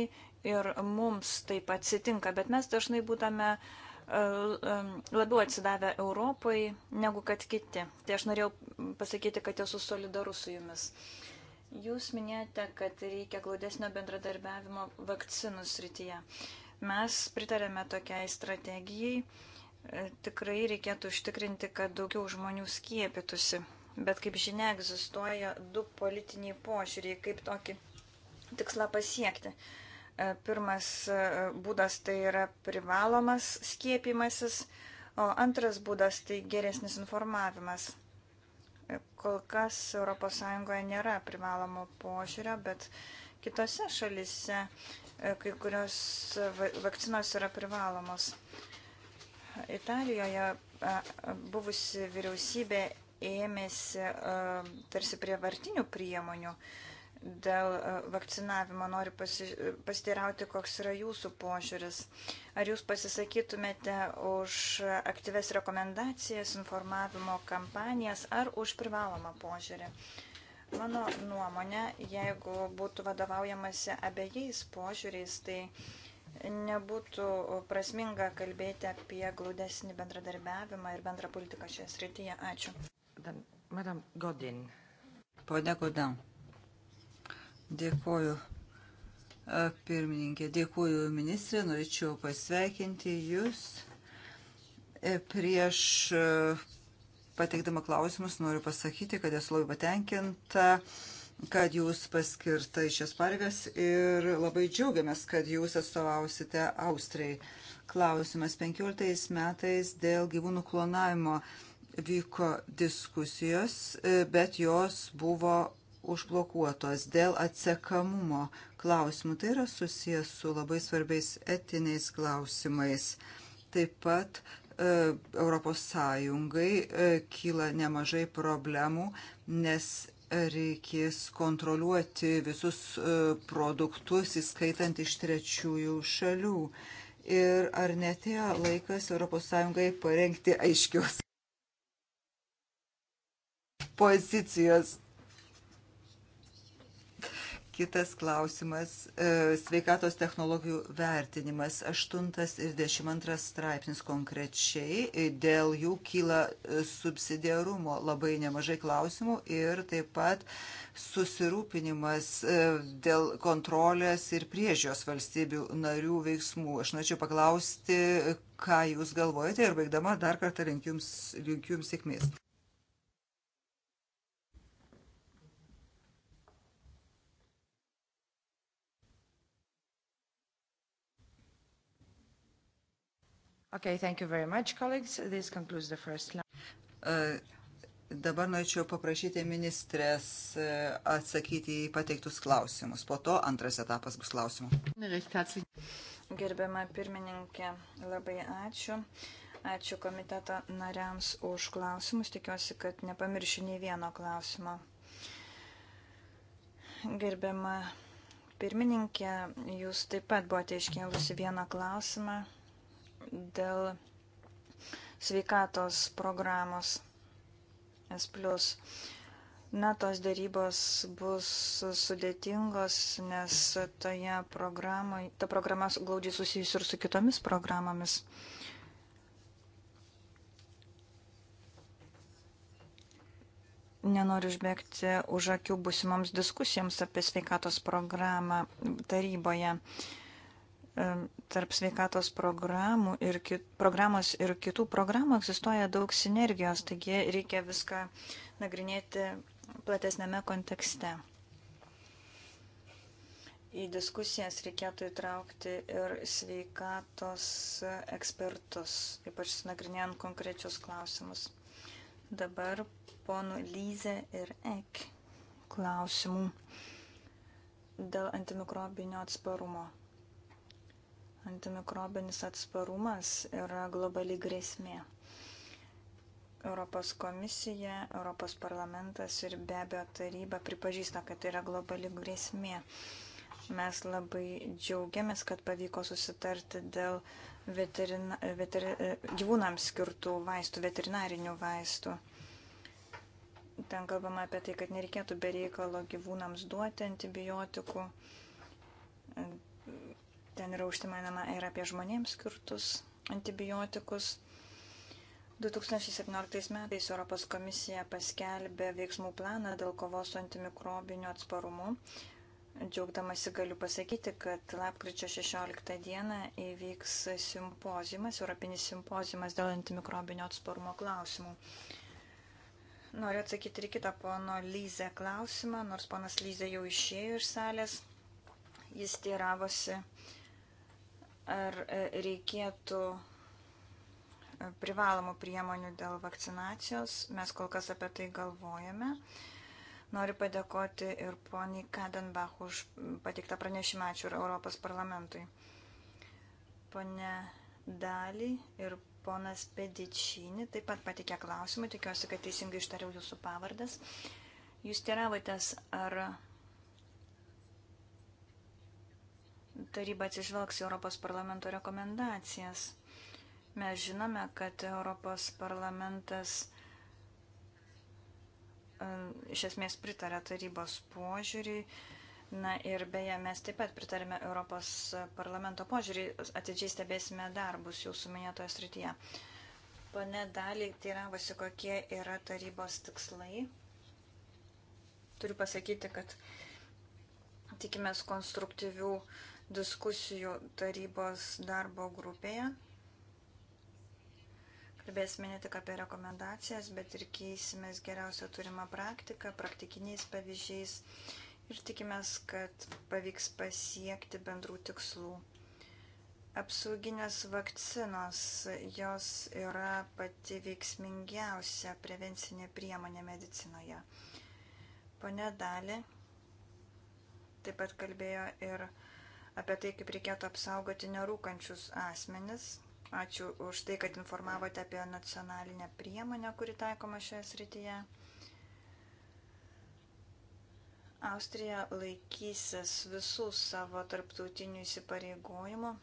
ir mums taip atsitinka, bet mes dažnai būtame e, e, labiau atsidavę Europai negu kad kiti. Tai aš norėjau pasakyti, kad esu solidarus su jumis. Jūs minėjote, kad reikia glaudesnio bendradarbiavimo vakcinų srityje. Mes pritarėme tokiai strategijai. Tikrai reikėtų užtikrinti, kad daugiau žmonių skiepytųsi Bet kaip žinia, egzistuoja du politiniai požiūriai, kaip tokį tikslą pasiekti. E, pirmas e, būdas tai yra privalomas skiepimasis, o antras būdas tai geresnis informavimas. E, kol kas ES nėra privalomo požiūrio, bet kitose šalise kai kurios vakcinos yra privalomos. Italijoje buvusi vyriausybė ėmėsi tarsi prievartinių priemonių dėl vakcinavimo. Noriu pasiteirauti, koks yra jūsų požiūris. Ar jūs pasisakytumėte už aktyves rekomendacijas, informavimo kampanijas ar už privalomą požiūrį? Mano nuomonė, jeigu būtų vadovaujamasi abiejais požiūriais, tai nebūtų prasminga kalbėti apie glaudesnį bendradarbiavimą ir bendrą politiką šioje srityje. Ačiū. Madam Godin. Pone Godin. Dėkoju. Pirmininkė, dėkuoju ministrė, norėčiau pasveikinti Jūs. E, prieš pateikdama klausimus noriu pasakyti, kad esu labai patenkinta, kad Jūs paskirta į šias pareigas ir labai džiaugiamės, kad Jūs atstovausite Austrijai. Klausimas 15 metais dėl gyvūnų klonavimo vyko diskusijos, e, bet jos buvo užblokuotos dėl atsekamumo klausimų. Tai yra susijęs su labai svarbiais etiniais klausimais. Taip pat ES e, kyla nemažai problemų, nes reikės kontroliuoti visus e, produktus, įskaitant iš trečiųjų šalių. Ir ar netėjo laikas ES parengti aiškios pozicijos. Kitas klausimas e, - sveikatos technologijų vertinimas. 8 ir 12 straipsnis konkrečiai. E, dėl jų kyla e, subsidiarumo labai nemažai klausimų ir taip pat susirūpinimas dėl kontrolės ir priežios valstybių narių veiksmų. Aš norėčiau paklausti, ką Jūs galvojate ir baigdama dar kartą linkiu Jums, linkiu jums sėkmės. Okay, thank you very much, colleagues. This concludes the first line. Uh, dabar norėčiau paprašyti ministrės e, atsakyti į pateiktus klausimus. Po to antras etapas bus klausimų. Gerbiama pirmininkė, labai ačiū. Ačiū komiteto nariams už klausimus. Tikiuosi, kad nepamiršiu nei vieno klausimo. Gerbiama pirmininkė, jūs taip pat buvote iškėlusi vieną klausimą dėl sveikatos programos S. Na, tos darybos bus sudėtingos, nes toje programoje, ta programa glaudžiai susijusi ir su kitomis programomis. Nenoriu užbėgti už akių busimoms diskusijoms apie sveikatos programą taryboje. Uh, E, tarp sveikatos programų ir kit, programos ir kitų programų egzistuoja daug sinergijos, taigi reikia viską nagrinėti platesnėme kontekste. Į diskusijas reikėtų įtraukti ir sveikatos ekspertus, ypač nagrinėjant konkrečius klausimus. Dabar ponų Lyze ir Ek klausimų dėl antimikrobinio atsparumo. Antimikrobinis atsparumas yra globali grėsmė. Europos komisija, Europos parlamentas ir be abejo taryba pripažįsta, kad tai yra globali grėsmė. Mes labai džiaugiamės, kad pavyko susitarti dėl veterina, veter, gyvūnams skirtų vaistų, veterinarinių vaistų. Ten kalbama apie tai, kad nereikėtų bereikalo gyvūnams duoti antibiotikų Ten yra užsimainama ir apie žmonėms skirtus antibiotikus. 2017 metais Europos komisija paskelbė veiksmų planą dėl kovos su antimikrobiniu atsparumu. Džiaugdamasi galiu pasakyti, kad lapkričio 16 dieną įvyks simpozimas, Europinis simpozimas dėl antimikrobinio atsparumo klausimų. Noriu atsakyti ir kitą pono Lyzę klausimą, nors ponas Lyzė jau išėjo iš salės. Jis tėravosi. Uh, ar e, reikėtų e, privalomų priemonių dėl vakcinacijos. Mes kol kas apie tai galvojame. Noriu padėkoti ir poniai Kadenbach už patiktą pranešimą. Ačiū ir Europos parlamentui. Pone Dali ir ponas Pedičinį taip pat patikė klausimą. Tikiuosi, kad teisingai ištariau jūsų pavardas. Jūs teravotės, ar taryba atsižvelgs į Europos parlamento rekomendacijas. Mes žinome, kad Europos parlamentas e, iš esmės pritarė tarybos požiūriui. Na ir beje, mes taip pat pritarėme Europos parlamento požiūriui, atidžiai stebėsime darbus jūsų minėtoje srityje. Pane Daliai teiravosi, kokie yra tarybos tikslai. Turiu pasakyti, kad tikimės konstruktyvių uh, diskusijų tarybos darbo grupėje. Kalbėsime ne tik apie rekomendacijas, bet ir keisimės geriausią turimą praktiką, praktikiniais pavyzdžiais ir tikimės, kad pavyks pasiekti bendrų tikslų. Apsauginės vakcinos, jos yra pati veiksmingiausia prevencinė priemonė medicinoje. Pone Dali taip pat kalbėjo ir apie apie tai, kaip reikėtų apsaugoti nerūkančius asmenis. Ačiū už tai, kad informavote apie nacionalinę priemonę, kuri taikoma šioje srityje. Austrija laikysis visų savo tarptautinių įsipareigojimų.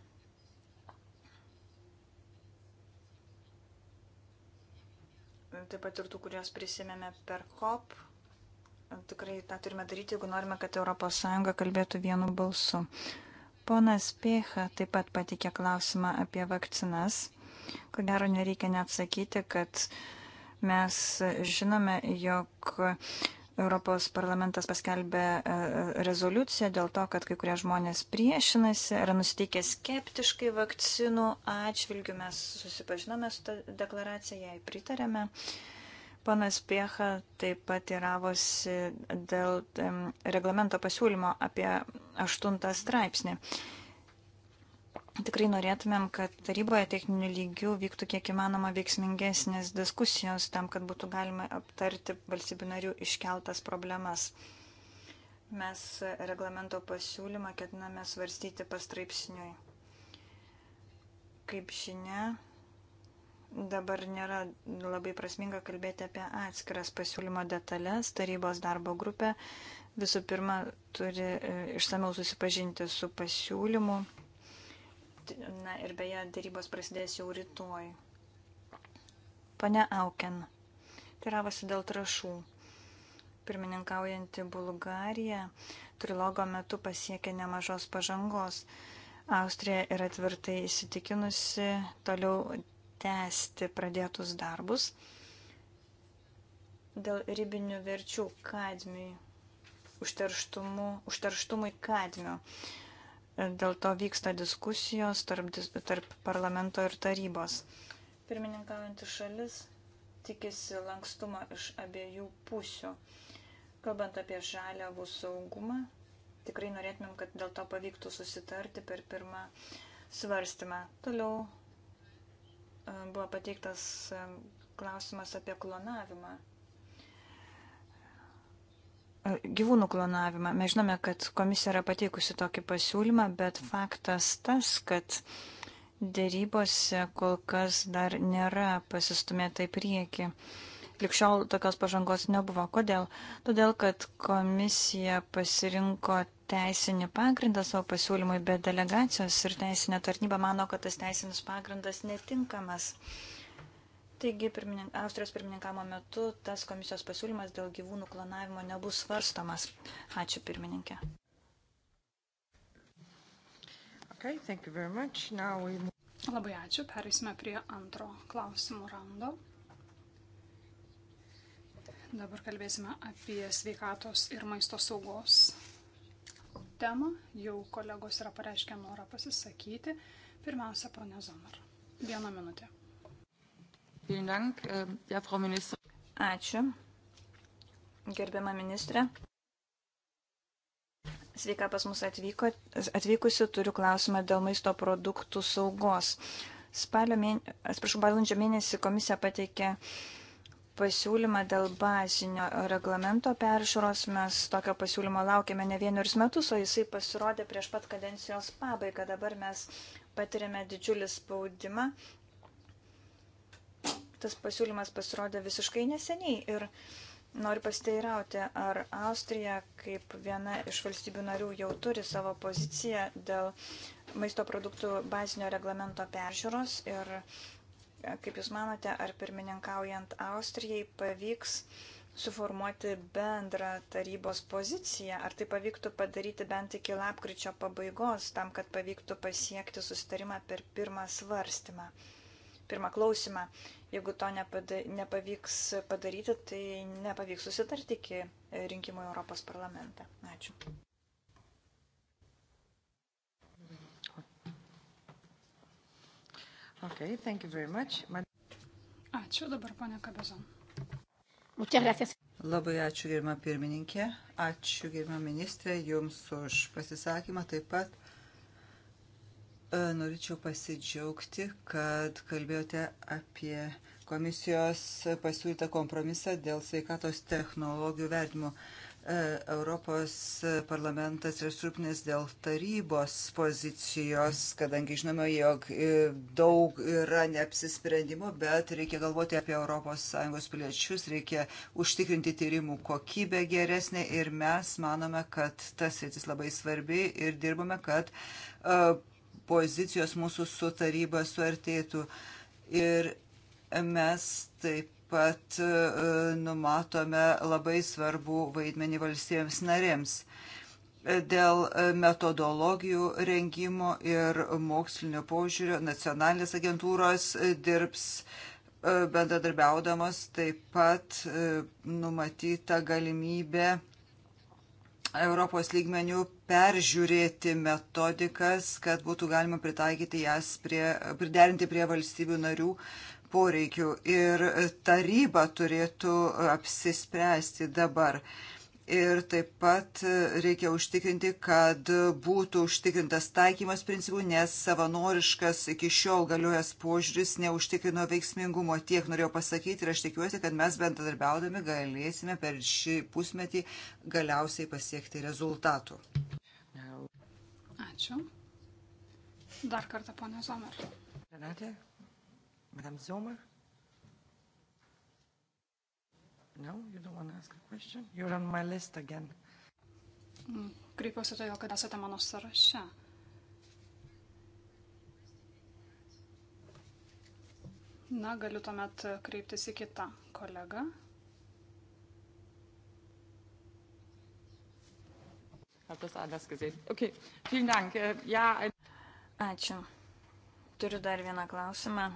Taip pat ir tų, kuriuos prisėmėme per COP. Tikrai tą turime daryti, jeigu norime, kad ES kalbėtų vienu balsu. Ponas Pėcha taip pat patikė klausimą apie vakcinas. Ko gero nereikia neatsakyti, kad mes žinome, jog Europos parlamentas paskelbė e, e, rezoliuciją dėl to, kad kai kurie žmonės priešinasi, yra nusiteikę skeptiškai vakcinų atžvilgių. Mes susipažinome su tą deklaraciją, jai pritarėme. Uh, Panas Piecha taip pat įravosi dėl reglamento pasiūlymo apie aštuntą straipsnį. Tikrai norėtumėm, kad taryboje techninių lygių vyktų kiek įmanoma veiksmingesnės diskusijos tam, kad būtų galima aptarti valstybių narių iškeltas problemas. Mes reglamento pasiūlymą ketiname svarstyti pastraipsniui. Kaip žinia, dabar nėra labai prasminga kalbėti apie atskiras pasiūlymo detalės. Tarybos darbo grupė visų pirma turi e, išsameu susipažinti su pasiūlymu. Na ir beje, darybos prasidės jau rytoj. Pane Auken, teravasi dėl trašų. Pirmininkaujanti Bulgarija trilogo metu pasiekė nemažos pažangos. Austrija yra tvirtai įsitikinusi toliau tęsti pradėtus darbus dėl ribinių verčių kadmiui, užterštumui kadmio. Dėl to vyksta diskusijos tarp, tarp parlamento ir tarybos. Pirmininkaujantis šalis tikisi lankstumo iš abiejų pusių. Kalbant apie žaliavų saugumą, tikrai norėtumėm, kad dėl to pavyktų susitarti per pirmą svarstymą. Toliau buvo pateiktas klausimas apie klonavimą. Gyvūnų klonavimą. Mes žinome, kad komisija yra pateikusi tokį pasiūlymą, bet faktas tas, kad dėrybose kol kas dar nėra pasistumėta į priekį. Uh, likščiol tokios pažangos nebuvo. Kodėl? Todėl, kad komisija pasirinko teisinį pagrindą savo pasiūlymui, bet delegacijos ir teisinė tarnyba mano, kad tas teisinis pagrindas netinkamas. Taigi, pirminink, Austrijos pirmininkamo metu tas komisijos pasiūlymas dėl gyvūnų klonavimo nebus svarstomas. Ačiū pirmininkė. Okay, thank you very much. Now we... Labai ačiū. Perėsime prie antro klausimų raundo. Dabar kalbėsime apie sveikatos ir maisto saugos temą. Jau kolegos yra pareiškę norą pasisakyti. Pirmiausia, ponė Zomar. Vieną minutę. Ähm, Ačiū. Gerbiama ministrė. Sveika pas mus atvyko, atvykusi, turiu klausimą dėl maisto produktų saugos. Spalio mėnesį, atsiprašau, balandžio mėnesį komisija pateikė uh, pasiūlymą dėl bazinio reglamento peržiūros. Mes tokio pasiūlymo laukėme ne vienerius metus, o jisai pasirodė prieš pat kadencijos pabaigą. Dabar mes patirėme didžiulį spaudimą. Tas pasiūlymas pasirodė visiškai neseniai ir noriu pasteirauti, ar Austrija kaip viena iš valstybių narių jau turi savo poziciją dėl maisto produktų bazinio reglamento peržiūros ir Kaip Jūs manote, ar pirmininkaujant Austrijai pavyks suformuoti bendrą tarybos poziciją, ar tai pavyktų padaryti bent iki lapkričio pabaigos, tam, kad pavyktų pasiekti susitarimą per pirmą svarstymą, pirmą klausimą. Jeigu to nepada, nepavyks padaryti, tai nepavyks susitarti iki rinkimų Europos parlamentą. Ačiū. Okay, thank you very much. Man... Ačiū dabar, ponia Kabezon. Labai ačiū, gerima pirmininkė. Ačiū, gerima ministrė, jums už pasisakymą. Taip pat e, norėčiau pasidžiaugti, kad kalbėjote apie komisijos pasiūlytą kompromisą dėl sveikatos technologijų vertimo. E, Europos parlamentas yra surūpnęs dėl tarybos pozicijos, kadangi žinome, jog e, daug yra neapsisprendimų, bet reikia galvoti apie ES piliečius, reikia užtikrinti tyrimų kokybę geresnę ir mes manome, kad tas rytis labai svarbi ir dirbame, kad e, pozicijos mūsų su taryba suartėtų. Ir mes taip pat e, numatome labai svarbų vaidmenį valstybėms narėms dėl metodologijų rengimo ir mokslinio požiūrio nacionalinės agentūros dirbs e, bendradarbiaudamos taip pat e, numatyta galimybė Europos lygmenių peržiūrėti metodikas, kad būtų galima pritaikyti jas, prie, priderinti prie valstybių narių poreikių ir taryba turėtų apsispręsti dabar. Ir taip pat reikia užtikrinti, kad būtų užtikrintas taikymas principų, nes savanoriškas iki šiol galiojas požiūris neužtikrino veiksmingumo. Tiek norėjau pasakyti ir aš tikiuosi, kad mes bendradarbiaudami galėsime per šį pusmetį galiausiai pasiekti rezultatų. Ačiū. Dar kartą, ponė Zomer. Renate? Madame Zomer? No, you don't want to ask a question? You're on my list again. Mm, kreipiuosi todėl, kad esate mano sąraše. Na, galiu tuomet kreiptis į kitą kolegą. Äh, Ačiū. Turiu dar vieną klausimą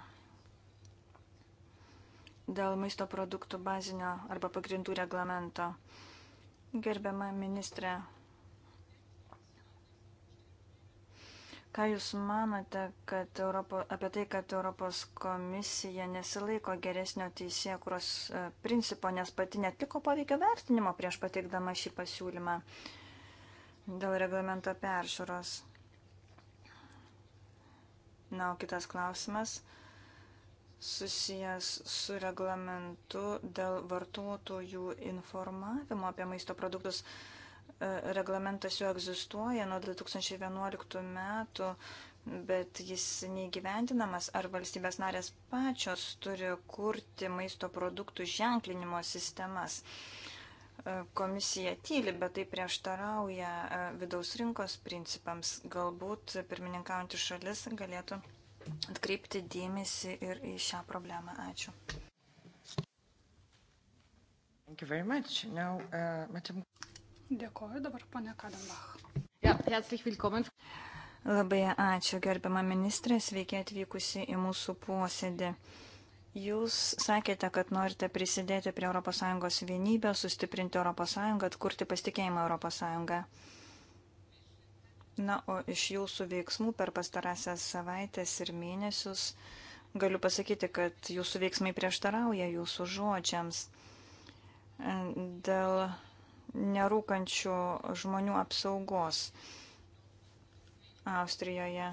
dėl maisto produktų bazinio arba pagrindų reglamento. Gerbiama ministrė, ką Jūs manote kad Europo, apie tai, kad Europos komisija nesilaiko geresnio teisėjo, kurios e, principo, nes pati netliko poveikio vertinimo prieš pateikdama šį pasiūlymą dėl reglamento peršūros? Na, o kitas klausimas susijęs su reglamentu dėl vartotojų informavimo apie maisto produktus. E, reglamentas jau egzistuoja nuo 2011 metų, bet jis neįgyventinamas. Ar valstybės narės pačios turi kurti maisto produktų ženklinimo sistemas? E, komisija tyli, bet tai prieštarauja e, vidaus rinkos principams. Galbūt pirmininkaujantis šalis galėtų atkreipti dėmesį ir į šią problemą. Ačiū. Now, uh, madame... Dėkoju dabar, ponė Kadenbach. Ja, herzlich willkommen. Labai ačiū, gerbiama ministrė, sveiki atvykusi į mūsų posėdį. Jūs sakėte, kad norite prisidėti prie ES vienybės, sustiprinti ES, atkurti pasitikėjimą ES. Na, o iš jūsų veiksmų per pastarąsias savaitės ir mėnesius galiu pasakyti, kad jūsų veiksmai prieštarauja jūsų žodžiams. Dėl nerūkančių žmonių apsaugos Austrijoje.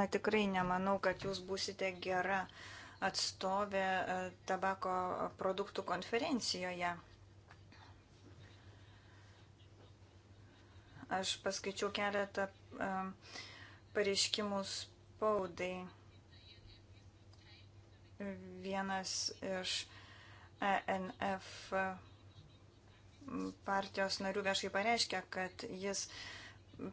Na tikrai nemanau, kad jūs būsite gera atstovė e, tabako produktų konferencijoje. Aš paskaičiau keletą e, pareiškimų spaudai. Vienas iš ENF partijos narių viešai pareiškia, kad jis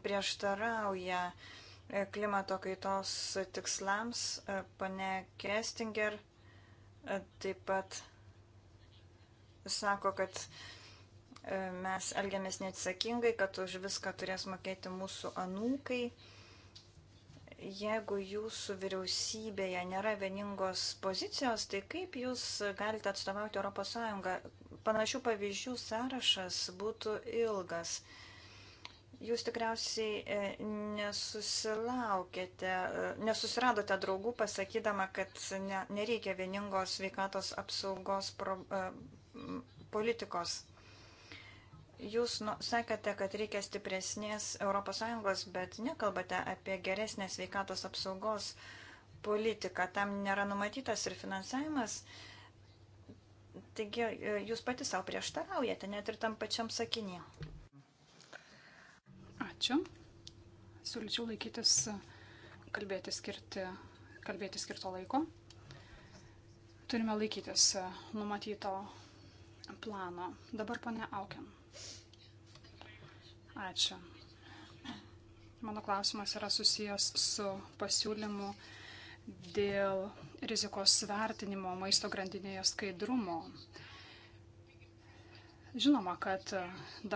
prieštarauja e, klimato kaitos tikslams. E, pane Kestinger taip pat sako, kad mes elgiamės neatsakingai, kad už viską turės mokėti mūsų anūkai. Jeigu jūsų vyriausybėje nėra vieningos pozicijos, tai kaip jūs galite atstovauti ES? Panašių pavyzdžių sąrašas būtų ilgas. Jūs tikriausiai e, nesusilaukėte, e, nesusiradote draugų pasakydama, kad ne, nereikia vieningos sveikatos apsaugos pro, e, politikos. Jūs nu, sakėte, kad reikia stipresnės ES, bet nekalbate apie geresnę sveikatos apsaugos politiką. Tam nėra numatytas ir finansavimas. Taigi e, jūs pati savo prieštaraujate, net ir tam pačiam sakinį. Ačiū. Siūlyčiau laikytis, kalbėti, skirti, kalbėti skirto laiko. Turime laikytis e, numatyto plano. Dabar pane Aukiam. Ačiū. Mano klausimas yra susijęs su pasiūlymu dėl rizikos vertinimo maisto grandinėje skaidrumo. Žinoma, kad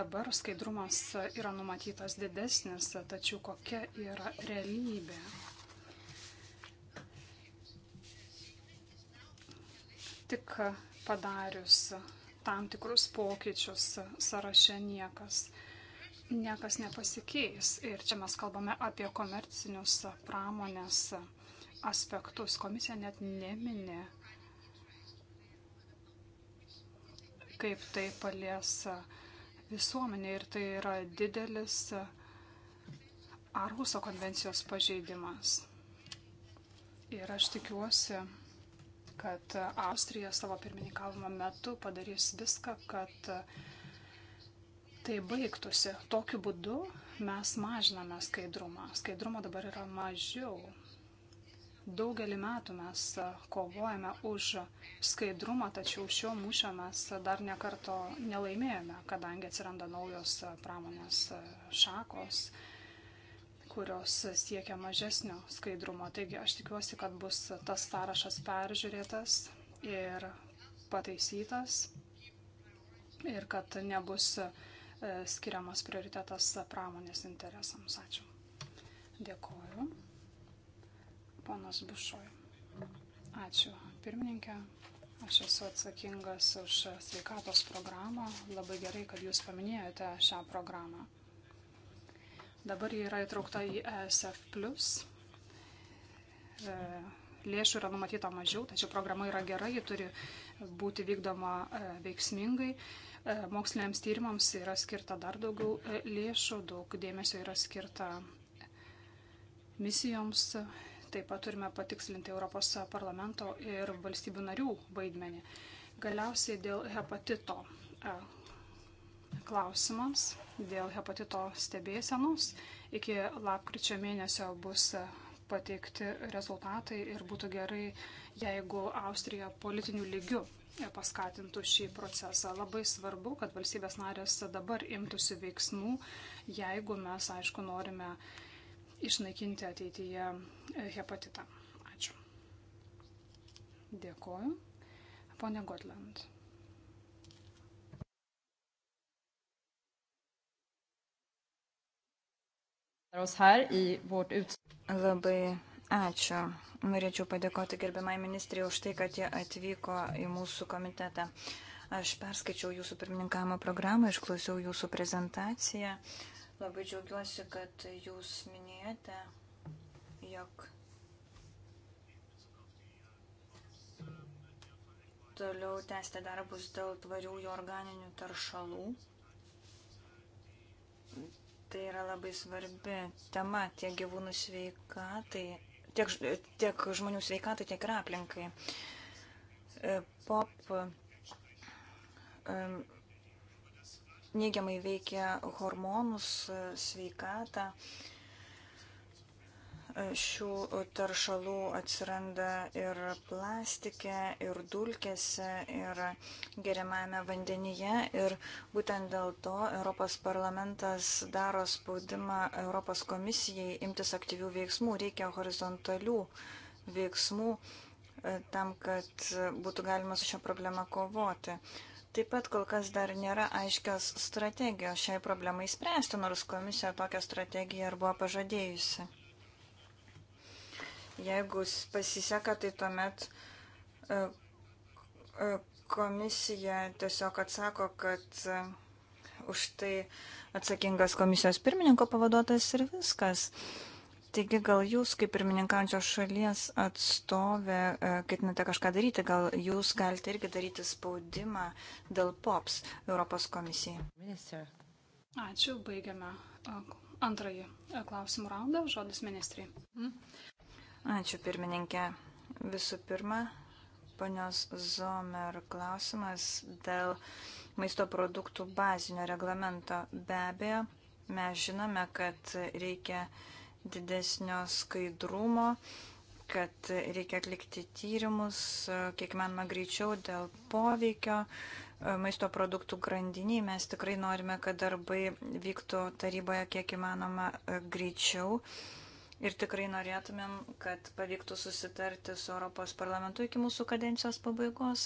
dabar skaidrumas yra numatytas didesnis, tačiau kokia yra realybė. Tik padarius tam tikrus pokyčius sąraše niekas niekas nepasikeis. Ir čia mes kalbame apie komercinius pramonės aspektus. Komisija net neminė, kaip tai palies visuomenė ir tai yra didelis Arhuso konvencijos pažeidimas. Ir aš tikiuosi, kad Austrija savo pirmininkavimo metu padarys viską, kad uh, tai baigtųsi. Tokiu būdu mes mažiname skaidrumą. Skaidrumo dabar yra mažiau. Daugelį metų mes kovojame už skaidrumą, tačiau šio mūšio mes dar nekarto nelaimėjome, kadangi atsiranda naujos pramonės šakos, kurios siekia mažesnio skaidrumo. Taigi aš tikiuosi, kad bus tas sąrašas peržiūrėtas ir pataisytas ir kad nebus E, skiriamas prioritetas pramonės interesams. Ačiū. Dėkoju. Ponas Bušoj. Ačiū. Pirmininkė, aš esu atsakingas už sveikatos programą. Labai gerai, kad jūs paminėjote šią programą. Dabar ji yra įtraukta į ESF. E, lėšų yra numatyta mažiau, tačiau programa yra gera, ji turi būti vykdoma e, veiksmingai. E, E, moksliniams tyrimams yra skirta dar daugiau e, lėšų, daug dėmesio yra skirta misijoms. Taip pat turime patikslinti Europos parlamento ir valstybių narių vaidmenį. Galiausiai dėl hepatito e, klausimams, dėl hepatito stebėsenos. Iki lapkričio mėnesio bus pateikti rezultatai ir būtų gerai, jeigu Austrija politiniu lygiu paskatintų šį procesą. Labai svarbu, kad valstybės narės dabar imtųsi veiksmų, jeigu mes, aišku, norime išnaikinti ateityje hepatitą. Ačiū. Dėkoju. Pone Gotland. Labai Ačiū. Norėčiau padėkoti gerbiamai ministrė už tai, kad jie atvyko į mūsų komitetą. Aš perskaičiau jūsų pirmininkamo programą, išklausiau jūsų prezentaciją. Labai džiaugiuosi, kad jūs minėjote, jog toliau tęsti darbus dėl tvarių jų organinių taršalų. Tai yra labai svarbi tema tiek gyvūnų sveikatai, tiek, tiek žmonių sveikatai, tiek ir aplinkai. E, pop neigiamai veikia hormonus, e, sveikatą šių taršalų atsiranda ir plastike, ir dulkėse, ir geriamame vandenyje. Ir būtent dėl to Europos parlamentas daro spaudimą Europos komisijai imtis aktyvių veiksmų. Reikia horizontalių veiksmų e, tam, kad būtų galima su šią problemą kovoti. Taip pat kol kas dar nėra aiškios strategijos šiai problemai spręsti, nors komisija tokią strategiją ir buvo pažadėjusi. Jeigu pasiseka, tai tuomet e, e, komisija tiesiog atsako, kad e, už tai atsakingas komisijos pirmininko pavaduotas ir viskas. Taigi gal jūs, kaip pirmininkančios šalies atstovė, ketinate kažką daryti, gal jūs galite irgi daryti spaudimą dėl POPS Europos komisijai. Minister. Ačiū, baigiame antrąjį klausimų raundą. Žodis ministrai. Mhm. Ačiū pirmininkė. Visų pirma, ponios Zomer klausimas dėl maisto produktų bazinio reglamento. Be abejo, mes žinome, kad reikia didesnio skaidrumo, kad reikia atlikti tyrimus, kiek manoma greičiau, dėl poveikio e, maisto produktų grandiniai. Mes tikrai norime, kad darbai vyktų taryboje kiek įmanoma e, greičiau ir tikrai norėtumėm, kad pavyktų susitarti su Europos parlamentu iki mūsų kadencijos pabaigos.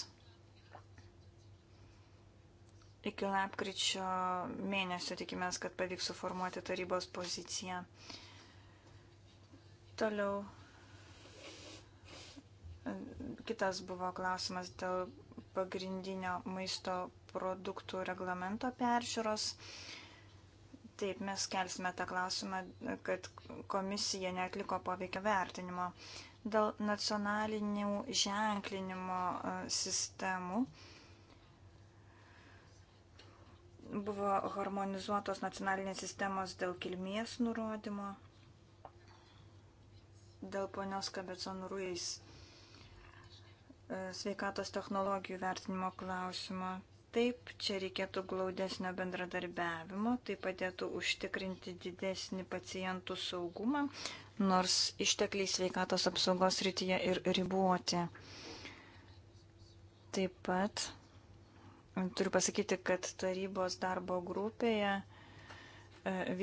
Iki lapkričio mėnesio tikimės, kad pavyks suformuoti tarybos poziciją. Toliau. Kitas buvo klausimas dėl pagrindinio maisto produktų reglamento peržiūros. Uh, Taip, mes kelsime tą klausimą, kad komisija netliko poveikio vertinimo. Dėl nacionalinių ženklinimo e, sistemų buvo harmonizuotos nacionalinės sistemos dėl kilmės nurodymo, dėl ponios Kabecon Ruiz e, sveikatos technologijų vertinimo klausimo. Taip, čia reikėtų glaudesnio bendradarbiavimo, tai padėtų užtikrinti didesnį pacientų saugumą, nors ištekliai sveikatos apsaugos rytyje ir ribuoti. Taip pat turiu pasakyti, kad tarybos darbo grupėje e,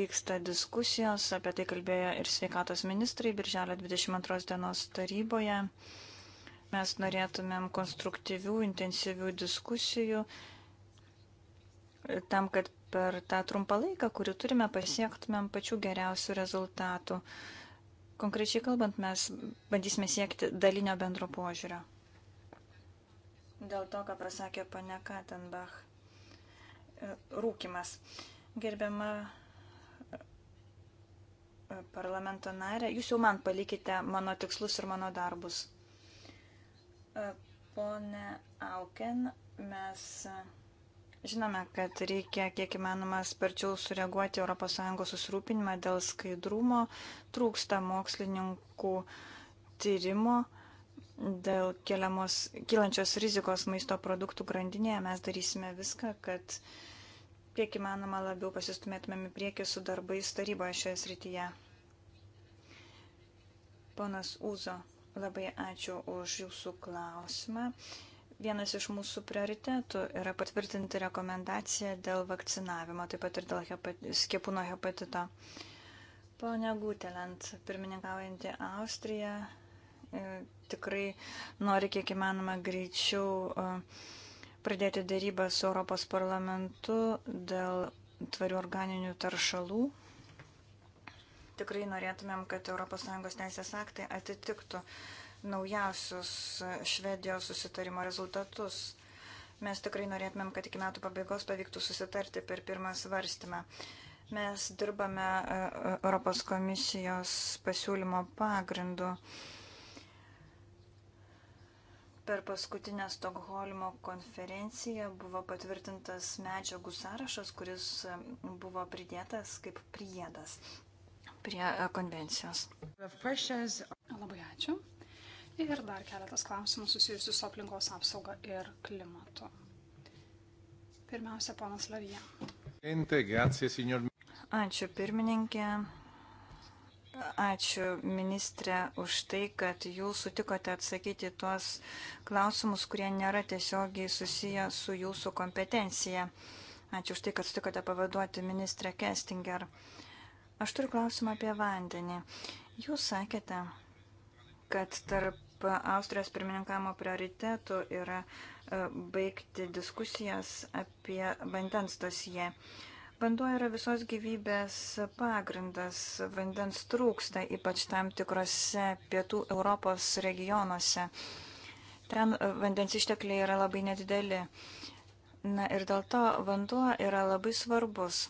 vyksta diskusijos, apie tai kalbėjo ir sveikatos ministrai Birželio 22 dienos taryboje. Mes norėtumėm konstruktyvių, intensyvių diskusijų tam, kad per tą trumpą laiką, kurį turime, pasiektumėm pačių geriausių rezultatų. Konkrečiai kalbant, mes bandysime siekti dalinio bendro požiūrio. Dėl to, ką pasakė pane Katenbach. Rūkimas. Gerbiama e, parlamento narė, jūs jau man palikite mano tikslus ir mano darbus. E, pone Auken, mes Žinome, kad reikia kiek įmanoma sparčiau sureaguoti ES susirūpinimą dėl skaidrumo, trūksta mokslininkų tyrimo dėl keliamos, kylančios rizikos maisto produktų grandinėje. Mes darysime viską, kad kiek įmanoma labiau pasistumėtumėm į priekį su darbais taryboje šioje srityje. Ponas Uzo, labai ačiū už jūsų klausimą. Vienas iš mūsų prioritetų yra patvirtinti rekomendaciją dėl vakcinavimo, taip pat ir dėl hepat... skiepų nuo hepatito. Pone Gutelent, pirmininkaujantį Austriją, e, tikrai nori kiek įmanoma greičiau e, pradėti dėrybą su Europos parlamentu dėl tvarių organinių taršalų. Tikrai norėtumėm, kad ES teisės aktai atitiktų uh, naujausius e, Švedijos susitarimo rezultatus. Mes tikrai norėtumėm, kad iki metų pabaigos pavyktų susitarti per pirmą svarstymą. Mes dirbame e, e, Europos komisijos pasiūlymo pagrindu per paskutinę Stokholmo konferenciją buvo patvirtintas medžiagų sąrašas, kuris buvo pridėtas kaip priedas prie konvencijos. Labai ačiū. Ir dar keletas klausimų susijusių su aplinkos apsauga ir klimatu. Pirmiausia, ponas Lavija. Ačiū pirmininkė. Ačiū ministrė už tai, kad jūs sutikote atsakyti tuos klausimus, kurie nėra tiesiogiai susiję su jūsų kompetencija. Ačiū už tai, kad sutikote pavaduoti ministrę Kestinger. Aš turiu klausimą apie vandenį. Jūs sakėte, kad tarp Austrijos pirmininkamo prioritetų yra e, baigti diskusijas apie vandens dosiją. Vanduo yra visos gyvybės pagrindas, vandens trūksta, ypač tam tikrose pietų Europos regionuose. Ten e, vandens ištekliai yra labai nedideli. Na ir dėl to vanduo yra labai svarbus.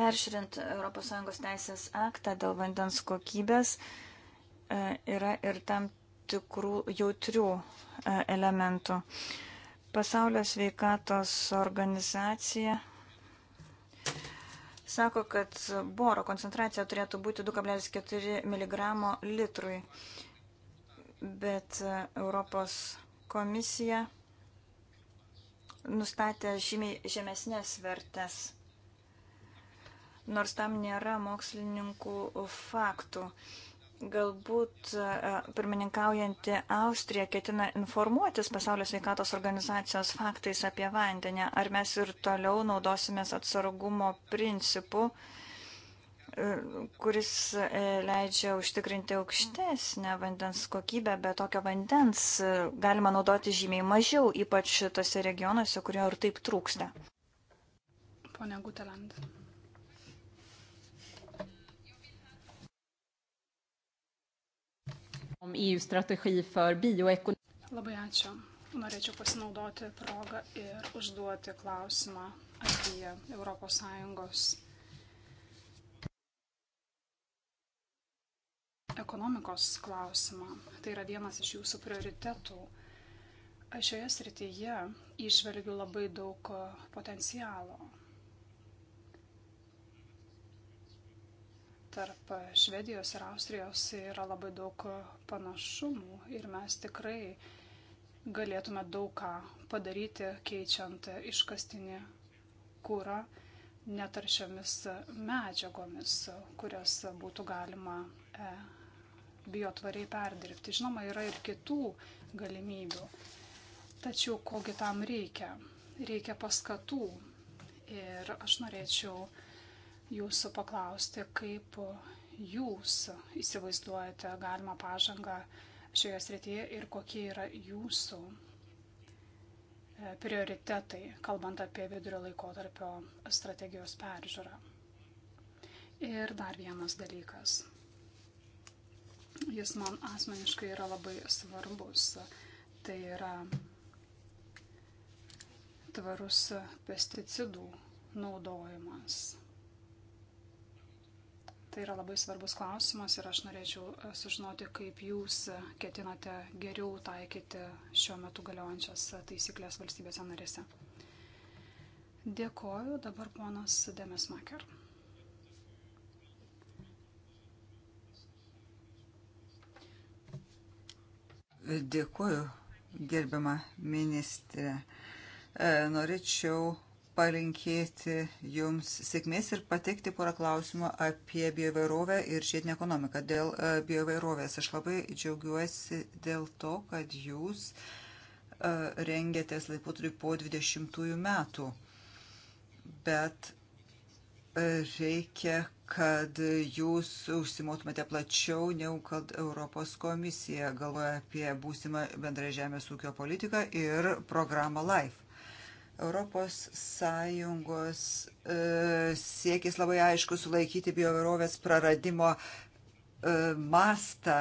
Peršrint ES teisės aktą dėl vandens kokybės, uh, E, yra ir tam tikrų jautrių e, elementų. Pasaulio sveikatos organizacija sako, kad boro koncentracija turėtų būti 2,4 mg litrui, bet e, Europos komisija nustatė žymiai žemesnės vertės, nors tam nėra mokslininkų faktų. Galbūt e, pirmininkaujanti Austrija ketina informuotis Pasaulio sveikatos organizacijos faktais apie vandenį. Ar mes ir toliau naudosimės atsargumo principu, e, kuris e, leidžia užtikrinti aukštesnę vandens kokybę, bet tokio vandens galima naudoti žymiai mažiau, ypač tose regionuose, kurio ir taip trūksta. Pone Guteland. E labai ačiū. Norėčiau pasinaudoti progą ir užduoti klausimą apie ES ekonomikos klausimą. Tai yra vienas iš jūsų prioritetų. Aš šioje srityje išvelgiu labai daug e, potencialo. tarp Švedijos ir Austrijos yra labai daug panašumų ir mes tikrai galėtume daug ką padaryti, keičiant iškastinį kūrą netaršiomis medžiagomis, kurias būtų galima e, biotvariai perdirbti. Žinoma, yra ir kitų galimybių. Tačiau kogi tam reikia? Reikia paskatų. Ir aš norėčiau jūsų paklausti, kaip jūs įsivaizduojate galimą pažangą šioje srityje ir kokie yra jūsų e, prioritetai, kalbant apie vidurio laikotarpio strategijos peržiūrą. Ir dar vienas dalykas. Jis man asmeniškai yra labai svarbus. Tai yra tvarus pesticidų naudojimas Tai yra labai svarbus klausimas ir aš norėčiau e, sužinoti, kaip jūs e, ketinate geriau taikyti šiuo metu galiojančias e, taisyklės valstybėse narėse. Dėkoju, dabar ponas Demesmaker. Dėkoju, gerbiama ministrė. Norėčiau palinkėti Jums sėkmės ir pateikti porą klausimų apie bioįvairovę ir žiedinę ekonomiką. Dėl e, bioįvairovės aš labai džiaugiuosi dėl to, kad Jūs e, rengėtės laikotarpį po 20 metų. Bet e, reikia, kad jūs užsimotumėte plačiau, negu kad Europos komisija galvoja apie būsimą bendrą žemės ūkio politiką ir programą LIFE. Europos Sąjungos e, siekis labai aišku sulaikyti bioverovės praradimo e, mastą,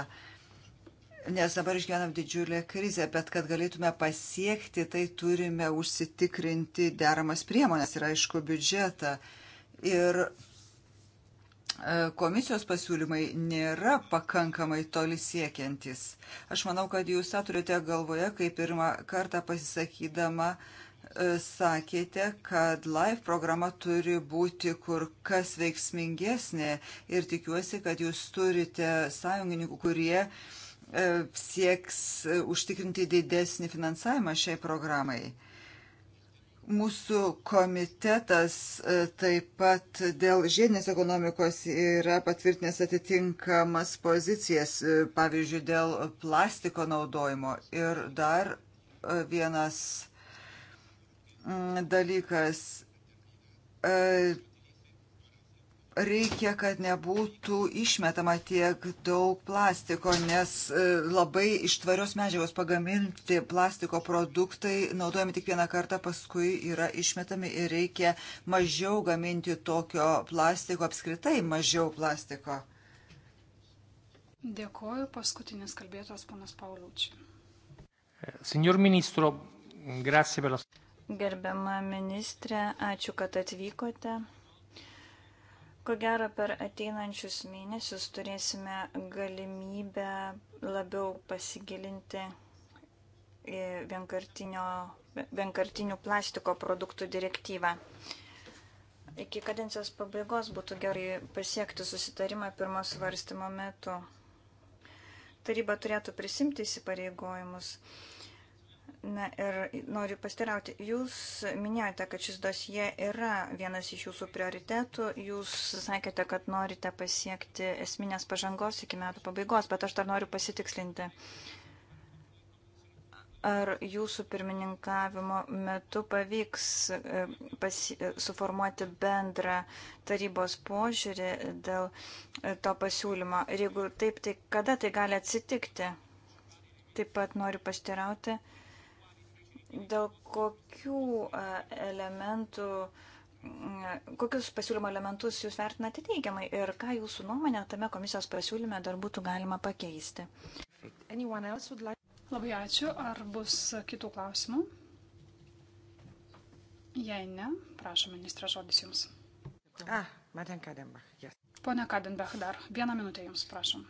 nes dabar išgyvenam didžiulę krizę, bet kad galėtume pasiekti, tai turime užsitikrinti deramas priemonės ir aišku biudžetą. Ir e, komisijos pasiūlymai nėra pakankamai toli siekiantis. Aš manau, kad jūs tą turite galvoje, kai pirmą kartą pasisakydama uh, E, sakėte, kad LIFE programa turi būti kur kas veiksmingesnė ir tikiuosi, kad jūs turite sąjungininkų, kurie e, sieks e, užtikrinti didesnį finansavimą šiai programai. Mūsų komitetas taip pat dėl žiedinės ekonomikos yra patvirtinęs atitinkamas pozicijas, pavyzdžiui, dėl plastiko naudojimo. Ir dar vienas Mm, dalykas. E, reikia, kad nebūtų išmetama tiek daug plastiko, nes e, labai iš tvarios medžiagos pagaminti plastiko produktai naudojami tik vieną kartą, paskui yra išmetami ir reikia mažiau gaminti tokio plastiko, apskritai mažiau plastiko. Dėkoju, paskutinis kalbėtojas panas Pauliaučiai. Signor Ministro, grazie per la... Gerbiama ministrė, ačiū, kad atvykote. Ko gero per ateinančius mėnesius turėsime galimybę labiau pasigilinti į vienkartinių plastiko produktų direktyvą. Iki kadencijos pabaigos būtų gerai pasiekti susitarimą pirmo svarstymo metu. Taryba turėtų prisimti įsipareigojimus. Na ir noriu pastirauti, jūs minėjote, kad šis dosie yra vienas iš jūsų prioritetų, jūs sakėte, kad norite pasiekti esminės pažangos iki metų pabaigos, bet aš dar noriu pasitikslinti. Ar jūsų pirmininkavimo metu pavyks e, pasi, suformuoti bendrą tarybos požiūrį dėl e, to pasiūlymo? Ir jeigu taip, tai kada tai gali atsitikti? Taip pat noriu pastirauti. Uh, dėl kokių e, elementų, mm, kokius pasiūlymo elementus jūs vertinate teigiamai ir ką jūsų nuomonė tame komisijos pasiūlyme dar būtų galima pakeisti. Labai ačiū. Ar bus kitų klausimų? Jei ne, prašom, ministra, žodis jums. Ah, Madame Kadenbach, yes. Pone Kadenbach, dar vieną minutę jums, prašom.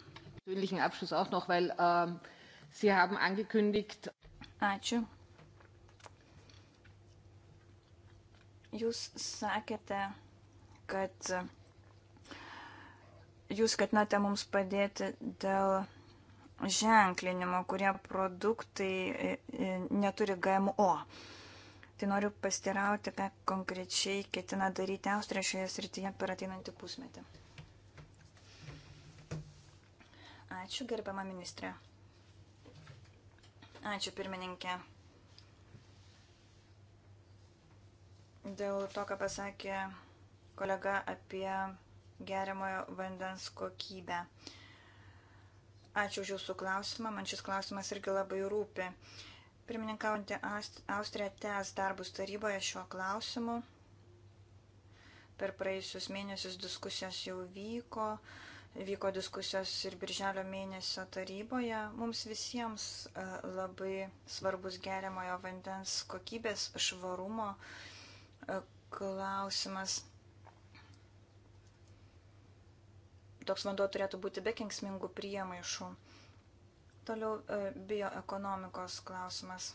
Ähm, ačiū. Jūs sakėte, kad jūs ketinate mums padėti dėl ženklinimo, kurie produktai e, e, neturi GMO. Tai noriu pastirauti, ką konkrečiai ketina daryti Austrija šioje srityje per ateinantį pusmetį. Ačiū, gerbiama ministrė. Ačiū, pirmininkė. Dėl to, ką pasakė kolega apie geriamojo vandens kokybę. Ačiū už jūsų klausimą, man šis klausimas irgi labai rūpi. Pirmininkaujantį Austriją tęs darbus taryboje šiuo klausimu. Per praėjusius mėnesius diskusijos jau vyko, vyko diskusijos ir birželio mėnesio taryboje. Mums visiems e, labai svarbus geriamojo vandens kokybės švarumo uh, E, klausimas. Toks vanduo turėtų būti be kengsmingų priemaišų. Toliau e, bioekonomikos klausimas.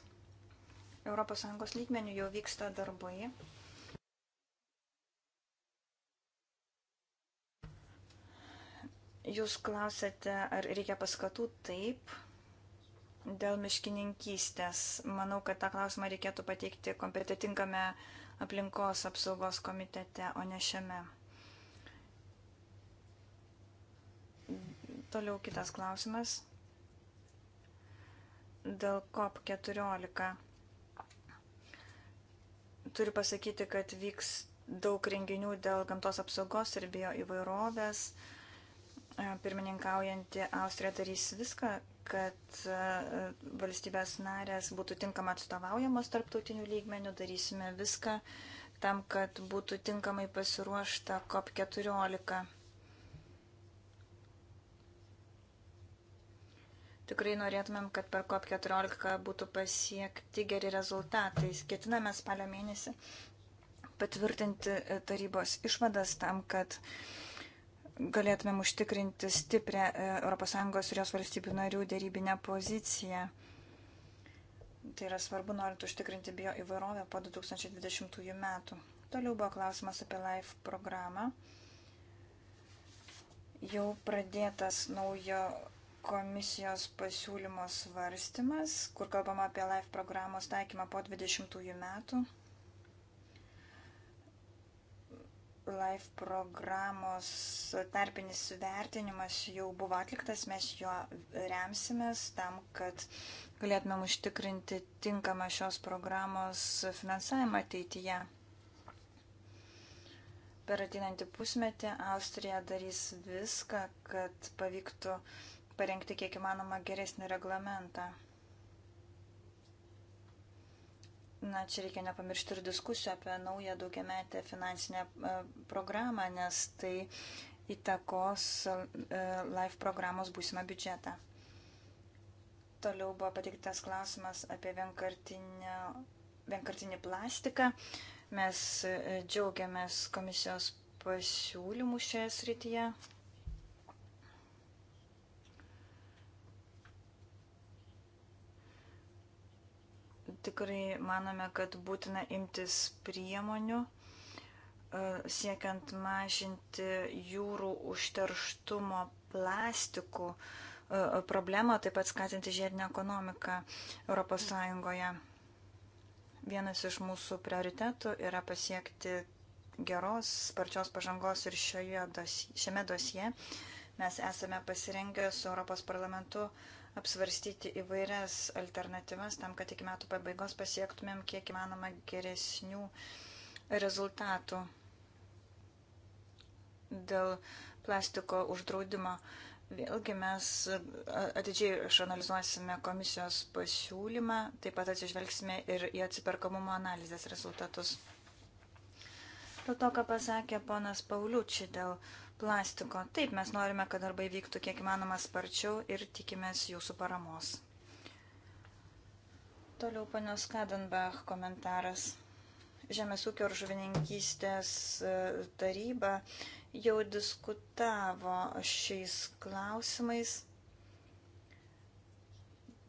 ES lygmenių jau vyksta darbai. Jūs klausėte, ar reikia paskatų taip dėl miškininkystės. Manau, kad tą klausimą reikėtų pateikti kompetitinkame uh, aplinkos apsaugos komitete, o ne šiame. Toliau kitas klausimas. Dėl COP14 turiu pasakyti, kad vyks daug renginių dėl gamtos apsaugos ir bio įvairovės. Pirmininkaujanti Austrija darys viską, kad e, valstybės narės būtų tinkamai atstovaujamos tarptautinių lygmenių, darysime viską tam, kad būtų tinkamai pasiruošta COP14. Tikrai norėtumėm, kad per COP14 būtų pasiekti geri rezultatai. Ketiname spalio mėnesį patvirtinti e, tarybos išvadas tam, kad uh, galėtumėm užtikrinti stiprią e, ES ir jos valstybių narių dėrybinę poziciją. Tai yra svarbu, norint užtikrinti bio įvairovę po 2020 metų. Toliau buvo klausimas apie LIFE programą. Jau pradėtas naujo komisijos pasiūlymo svarstymas, kur kalbama apie LIFE programos taikymą po 2020 metų. Life programos tarpinis vertinimas jau buvo atliktas, mes juo remsimės tam, kad galėtumėm užtikrinti tinkamą šios programos finansavimą ateityje. Per ateinantį pusmetį Austrija darys viską, kad pavyktų parengti kiek įmanoma geresnį reglamentą. Na, čia reikia nepamiršti ir diskusijų apie naują daugiametę finansinę e, programą, nes tai įtakos e, LIFE programos būsimą biudžetą. Toliau buvo pateiktas klausimas apie vienkartinį plastiką. Mes e, džiaugiamės komisijos pasiūlymų šioje srityje. tikrai manome, kad būtina imtis priemonių e, siekiant mažinti jūrų užterštumo plastikų e, problemą, taip pat skatinti žiedinę ekonomiką ES. Vienas iš mūsų prioritetų yra pasiekti geros, sparčios pažangos ir šioje dos, šiame dosie mes esame pasirengę su Europos parlamentu uh, apsvarstyti įvairias alternatyvas tam, kad iki metų pabaigos pasiektumėm kiek įmanoma geresnių rezultatų dėl plastiko uždraudimo. Vėlgi mes atidžiai išanalizuosime komisijos pasiūlymą, taip pat atsižvelgsime ir į atsiperkamumo analizės rezultatus. Dėl to, ką pasakė ponas Pauliučiai dėl plastiko. Taip, mes norime, kad darbai vyktų kiek įmanoma sparčiau ir tikimės jūsų paramos. Toliau panios Kadenbach komentaras. Žemės ūkio ir žuvininkystės e, taryba jau diskutavo šiais klausimais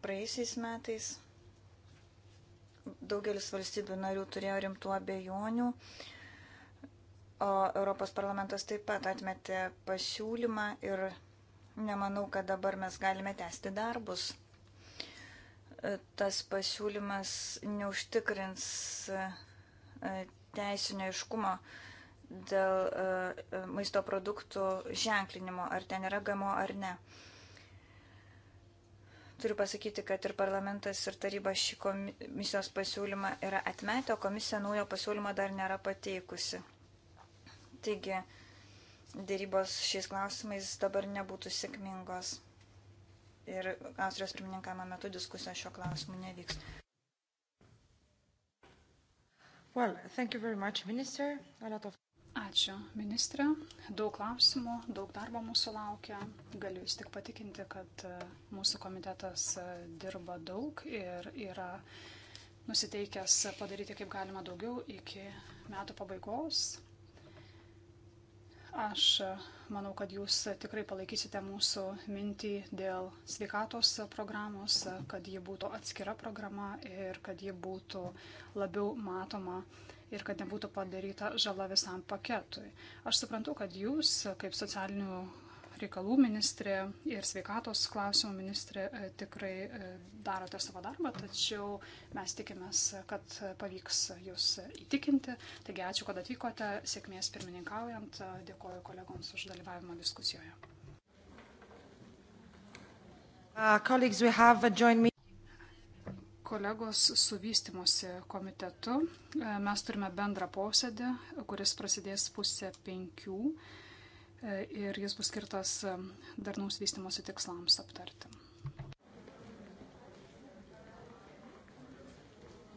praeisiais metais. Daugelis valstybių narių turėjo rimtų abejonių. Uh, O Europos parlamentas taip pat atmetė pasiūlymą ir nemanau, kad dabar mes galime tęsti darbus. E, tas pasiūlymas neužtikrins e, e, teisinio iškumo dėl maisto produktų ženklinimo, ar ten yra gamo ar ne. Turiu pasakyti, kad ir parlamentas, ir taryba šį komisijos pasiūlymą yra atmetę, o komisija naujo pasiūlymo dar nėra pateikusi. Taigi dėrybos šiais klausimais dabar nebūtų sėkmingos. Ir Austrijos pirmininkamo metu diskusija šio klausimu nevyks. Well, thank you very much, Minister. A lot of... Ačiū, ministrė. Daug klausimų, daug darbo mūsų laukia. Galiu jūs tik patikinti, kad e, mūsų komitetas e, dirba daug ir yra nusiteikęs padaryti kaip galima daugiau iki metų pabaigos. Aš e, manau, kad jūs tikrai palaikysite mūsų mintį dėl sveikatos programos, e, kad ji būtų atskira programa ir kad ji būtų labiau matoma ir kad nebūtų padaryta žala visam paketui. Aš suprantu, kad jūs, e, kaip socialinių reikalų ministrė ir sveikatos klausimų ministrė e, tikrai e, darote savo darbą, tačiau mes tikimės, kad pavyks jūs įtikinti. Taigi ačiū, kad atvykote, sėkmės pirmininkaujant, e, dėkoju kolegoms už dalyvavimą diskusijoje. Uh, kolegos su vystimosi komitetu. Mes turime bendrą posėdį, kuris prasidės pusę penkių ir jis bus skirtas darnaus vystimosi tikslams aptarti.